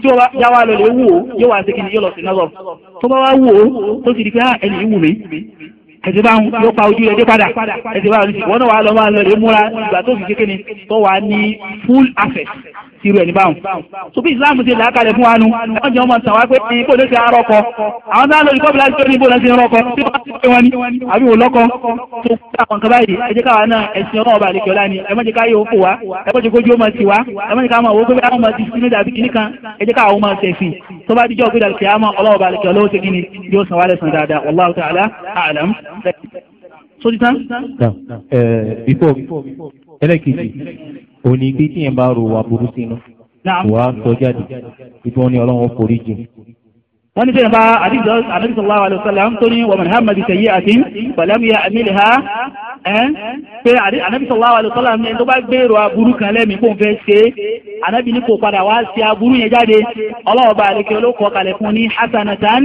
tí ó yá wa lọ lè wò ó yóò wá sí kí ni yóò lọ sí náà lọ tó bá wá wò ó tó sì di pé á ah, ẹni yìí wù ẹ̀sìn bá ń ló pa ojú rẹ̀ dé padà ẹ̀sìn bá ń sìn wọ́n náà wà á lọ máa lọ lè múra ìgbà tó fi kékeré tó wà ní full access sí irú ẹ̀ báwọn. so bí Islam ṣe làákàlẹ̀ fún wa nu wọ́n jẹ́ ọmọ tàn wá pé ibo ló ti arọ́kọ àwọn náà lórí kọ́bìlà ti lórí ibo náà ti rọ́kọ tí wọ́n ti pé wọn ní àbí wò lọ́kọ tó kú àwọn kan báyìí ẹ jẹ́ káwa náà ẹ̀sìn ọlọ́run bá lèkẹ́ ọ̀la ni ẹ má jẹ́ káyọ̀ òkú wa ẹ má jẹ́ kójú ọmọ ti wa ẹ má jẹ́ káwọn owó gbẹ́bẹ́ àwọn ọmọ ti sínú dàbí kìíní kan ẹ jẹ́ káwọn ọmọ ṣẹ̀sìn tó bá dijọ́ gbé dàbí kìí àmọ́ ọlọ́run bá lèkẹ́ ọlọ́run ṣe kí ni yóò san wálẹ̀ san dáadáa wallahu ta'ala a'lam sójú tán. bífọ̀ ẹlẹ́kejì òní pé tíyẹn bá ro wà burú sínú wà á sọ jáde ibi wọn ni ọlọ́run forí jìn wọ́n ní sẹ́yìn bá àdìsọ́ ànábì sallallahu alaihi wasallam tó ní wọ́n mọ̀nà hàmàdì sẹ́yìn àti pẹ̀lẹ́mìyà àmìlìhà ẹ́ pé ànábì sallallahu alaihi wasallam ní tó bá gbèrò aburú kan lẹ́mí kó n fẹ́ ṣe ànábì ní kò padà wá sí aburú yẹn jáde ọlọ́wọ́ bá àlekè olókọ kalẹ̀ fún ní hasanatan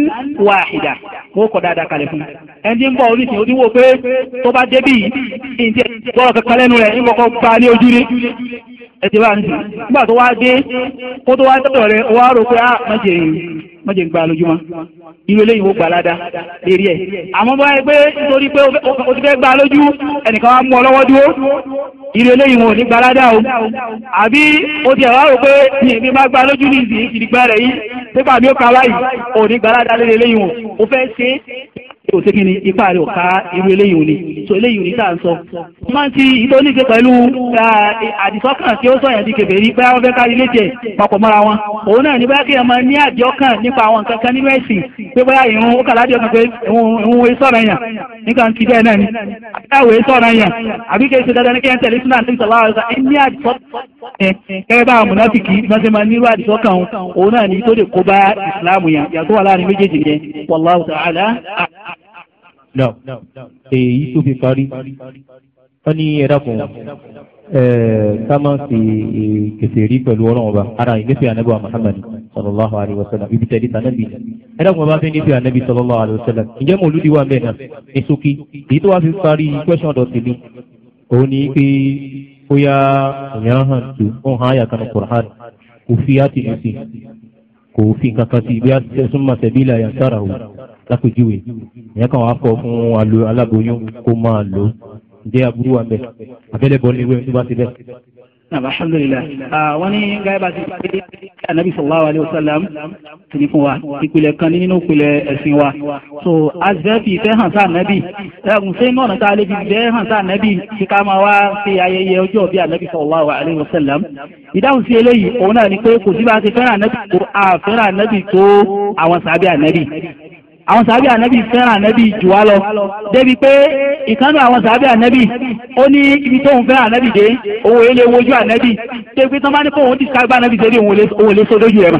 wahida kó kọ̀ dáadáa kalẹ̀ fún ẹni tí ń bọ̀ oríṣi ó ti wò pé tó bá débì ìdí gbọ́dọ̀ kankan lẹ́nu wọ́n jẹ́ ń gba lójúmọ́ irú eléyìí ó gba ládàá lérí ẹ̀ àmọ́ bá yẹ pé nítorí pé o ti fẹ́ gba lójú ẹnìkan wá mú ọ lọ́wọ́ dúró irú eléyìí wọn ò ní gba ládàá o àbí o ti ẹ̀wá rò pé ní èmi máa gba lójú ní ìsìn ìdìgbà rẹ̀ yìí pépà mi ó ka báyìí ò ní gba ládàá lérí eléyìí wọn o fẹ́ ṣe ò ṣe kí ni ipá rẹ̀ ò ká irú eléyìí òní so eléyìí òní tá à ń sọ. máa ń ti ìtò oníṣe pẹ̀lú àdìsọ́kàn tí ó sọ̀yàn di kèfèrí bá wọn fẹ́ kárí létí ẹ̀ papọ̀ mọ́ra wọn. òun náà ní báyà kí ẹ máa ní àdìọ́kàn nípa àwọn nǹkan kan nínú ẹ̀sìn pé báyà ìrún ó kà ládìọ́ kan pé òun èso ọ̀rọ̀ èèyàn nígbà tí bẹ́ẹ̀ náà ni àbíkáwò èso ọ̀rọ̀ èèyàn àbí kí èso dandan ní kí ẹ tẹ̀lé sínú àti ìsọ̀lá ọ̀rọ̀ ẹ ní àdìsọ́kàn ẹ kẹ́rẹ́ bá àwọn mùnáfìkì bí wọ́n ṣe máa nírú àdìsọ́kàn òun náà ní tó lè kó bá ìsìláàmù yẹn yàtọ̀ wà láàrin méjèèjì yẹn wallahu ta'ala No, èyí tó fi parí wọ́n ní ẹ̀dá kan ká máa fi kèsè rí pẹ̀lú ọlọ́run ọba ara ìgbésẹ̀ ànábì wa muhammad sallallahu alayhi wa sallam ibi tẹ̀lé sànábì ẹ̀dá kan bá fẹ́ nífẹ̀ẹ́ ànábì sallallahu alayhi wa sallam ǹjẹ́ mo lùdí wa ń bẹ̀ náà ní sókè èyí tó wá fi parí question ọ̀dọ̀ sí mi òun ni pé ó yá ìyàn hàn tó ń hàn áyà kanu qur'an kò fi á ti lù sí kò fi lápèjúwe ìyẹn kan wàá kọ fún aláboyún kó máa lò ǹjẹ́ aburú wa bẹ̀ abẹ́lẹ́bọ ni ìwé nígbà síbẹ̀. alhamdulilayi wọ́n ní gáyébà ti pàdé anabi sallallahu alayhi wa sallam ti ní fún wa ìpìlẹ̀ kan nínú ìpìlẹ̀ ẹ̀sìn wa so azẹ́fì ìfẹ́ hàn sáà nẹ́bì ẹ̀gùn sẹ́yìn náà tá a lè fi ìfẹ́ hàn sáà nẹ́bì tí ká máa wá ṣe ayẹyẹ ọjọ́ bí anabi sallallahu alayhi wa sallam ìdáhùn sí eléyìí òun náà ni pé kò sí bá a ti fẹ́ràn nẹ́bì tó àfẹ́ràn nẹ́bì tó àwọn sàbí ànẹ́bì àwọn sàbí ànábì fẹ́ràn ànábì jù wá lọ débi pé ìkànnì àwọn sàbí ànábì ó ní ibi tóun fẹ́ràn ànábì dé òun èlé wojú ànábì débi pé tán bá ní kóun ti sáré bá ànábì débi òun ò sódójú ẹ̀ mà.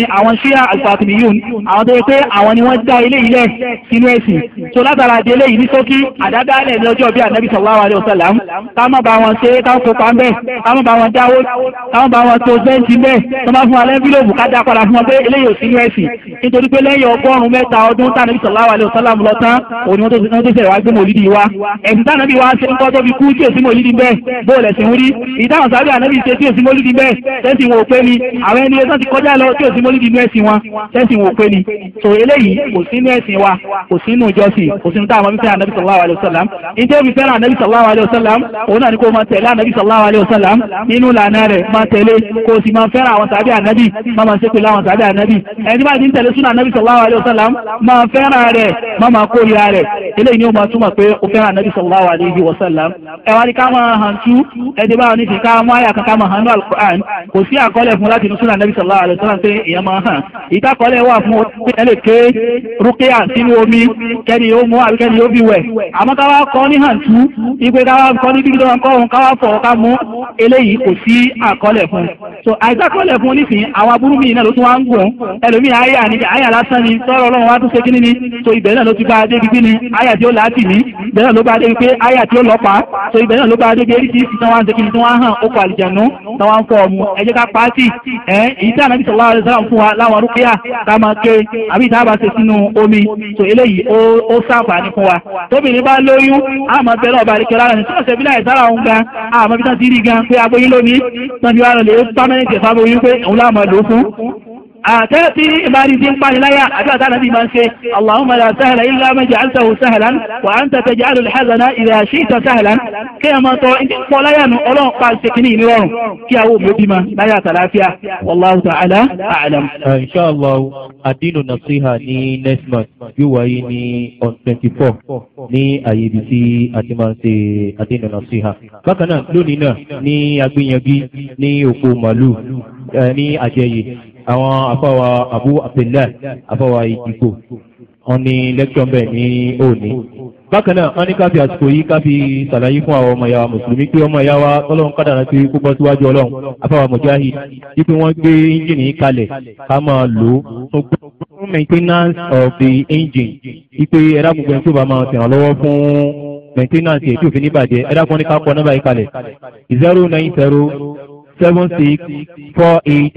ni àwọn ṣíà alfatimiyun àwọn tó yẹ pé àwọn ni wọ́n dá ilé ilẹ̀ sínú ẹ̀sìn tó látara di eléyìí ní ṣókí àdádálẹ̀ lọ́jọ́ bíi anabi sallallahu alayhi wa sallam ká má bá wọn ṣe ká kópa ń bẹ̀ ká má bá wọn dáwó ká má bá wọn tó bẹ́ǹtì ń bẹ̀ tó má fún wa lẹ́ńfílòmù ká dá padà fún wọn pé eléyìí ò sínú ẹ̀sìn nítorí pé lẹ́yìn ọgọ́rùn-ún mẹ́ta ọdún tánàbí sallallahu alayhi wa sallam lọ tán òní wọ́n tó ṣẹ̀rẹ̀ wá gbé mòlídìí wa ẹ̀sìn tánàbí wa ṣe ń kọ́ tó fi kú tí èsì mòlídìí bẹ́ẹ̀ bóòlù ẹ̀sìn rí ní mólídì inú ẹ̀sìn wọn ẹ̀sìn wò pé ni tò eléyìí kò sínú ẹ̀sìn wa kò sínú ìjọsìn kò sínú táwọn ọmọ fífẹ́ anabi sallallahu alayhi wa sallam ǹjẹ́ mi fẹ́ràn anabi sallallahu alayhi wa sallam òun náà ni kò máa tẹ̀lé anabi sallallahu alayhi wa sallam nínú lànà rẹ̀ máa tẹ̀lé kò sì máa fẹ́ràn àwọn sàbí anabi máa máa ṣépè láwọn sàbí anabi ẹni máa ti ń tẹ̀lé súnà anabi sallallahu alayhi wa sallam máa fẹ́ràn rẹ̀ máa máa kórìíra rẹ̀ eléyìí ni ó máa túmọ̀ pé ó fẹ́ràn anabi sallallahu alayhi wa sallam ẹ ìyẹn máa hàn ìdákọ̀ọ́lẹ̀ wà fún ẹlẹ́kẹ́ rúkíà sínú omi kẹ́ni ó mú àbí kẹ́ni ó fi wẹ̀ àmọ́ káwá kọ́ ní hàǹtú ipe káwá kọ́ ní bíbí tó ń kọ́ òun káwá fọ̀ ká mú eléyìí kò sí àkọọ́lẹ̀ fún so àìdákọ̀ọ́lẹ̀ fún nísìnyí àwọn aburú mi náà ló tún wá ń gùn ẹlòmíì àyà ni àyà lásán ni tọ́rọ ọlọ́run wá tún ṣe kí ni so ibẹ̀ náà ló ti bá a débi ni àyà tí ó láti ní ibẹ̀ náà ló bá a débi pé àyà tí ó lọ́pàá so ibẹ̀ náà ló bá a débi eréṣiríṣi tí wọ́n á ń ṣe kí ni tí wọ́n á hàn ó kọ àlìjànú tí wọ́n á ń fọ ọmọ ẹ̀jẹ̀ ká pàtì ẹ̀ ń fún wa láwọn rúkìá tá a máa ké àbí tá a bá ṣe sínú omi tó eléyìí ó ṣàǹfààní fún wa tóbìnrin bá lóyún àmọ́ bẹ́ẹ̀ náà balẹ̀ kẹlá ní sọ́ọ̀sẹ̀ bí láì sára òun gan àmọ́ bí tán ti rí gan pé aboyún lónìí tán fi wá lọ lè pámẹ́ntì ẹ̀fọ́ aboyún pé òun láà máa lò ó fún àtẹ́tí ìbáni ti ń pani láyà àti àtàlà bí máa ń ṣe allahumma la sahla illa ma ja'altahu sahlan wa anta taj'alu al-hazana idha shi'ta sahlan kí ẹ máa tọ́ pọ́ láyà nù ọlọ́run pa ṣe kìíní ìní rọrùn kí àwọn òbí bímọ láyà àtàláfíà wallahu ta'ala a'lam. Uh, inshallah adinu nasiha ní next month yóò wáyé ní on twenty four ní àyè ibi tí a ti máa ń ṣe adinu nasiha. bákan náà lónìí náà ní agbẹ́yẹ̀bí ní òkú màlúù uh, ní àjẹyè àwọn afọwà abu abdullahi afọwà ìdìgbò wọn ní lẹ́kítọ̀ bẹ́ẹ̀ ní òní. bákan náà wọn ní káfí àsìkò yìí káfí sàlàyé fún àwọn ọmọ ìyá wa mùsùlùmí pé ọmọ ìyá wa ọlọ́run kádàrá sí púpọ̀ síwájú ọlọ́run afọwà mujahid wípé wọ́n gbé ẹ́ńjìnì kalẹ̀ ká máa lò ó fún maintenance of the engine wípé ẹ̀rá gbogbo ẹni tó bá máa tẹ̀ràn lọ́wọ́ fún maintenance ètò ìfìníbàjẹ́ ẹ̀rá kan ní ká kọ nọ́mbà yìí kalẹ̀ zero seven six four eight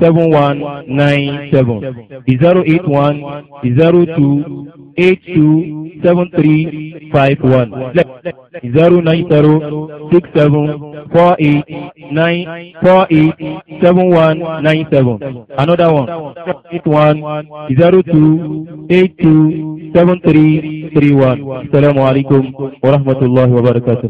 seven one nine seven zero eight one zero two eight two seven three five one zero nine zero six seven four eight nine four eight seven one nine seven another one eight one zero two eight two seven three three one assalamu alaikum wa rahmatullahi wa barakatuh.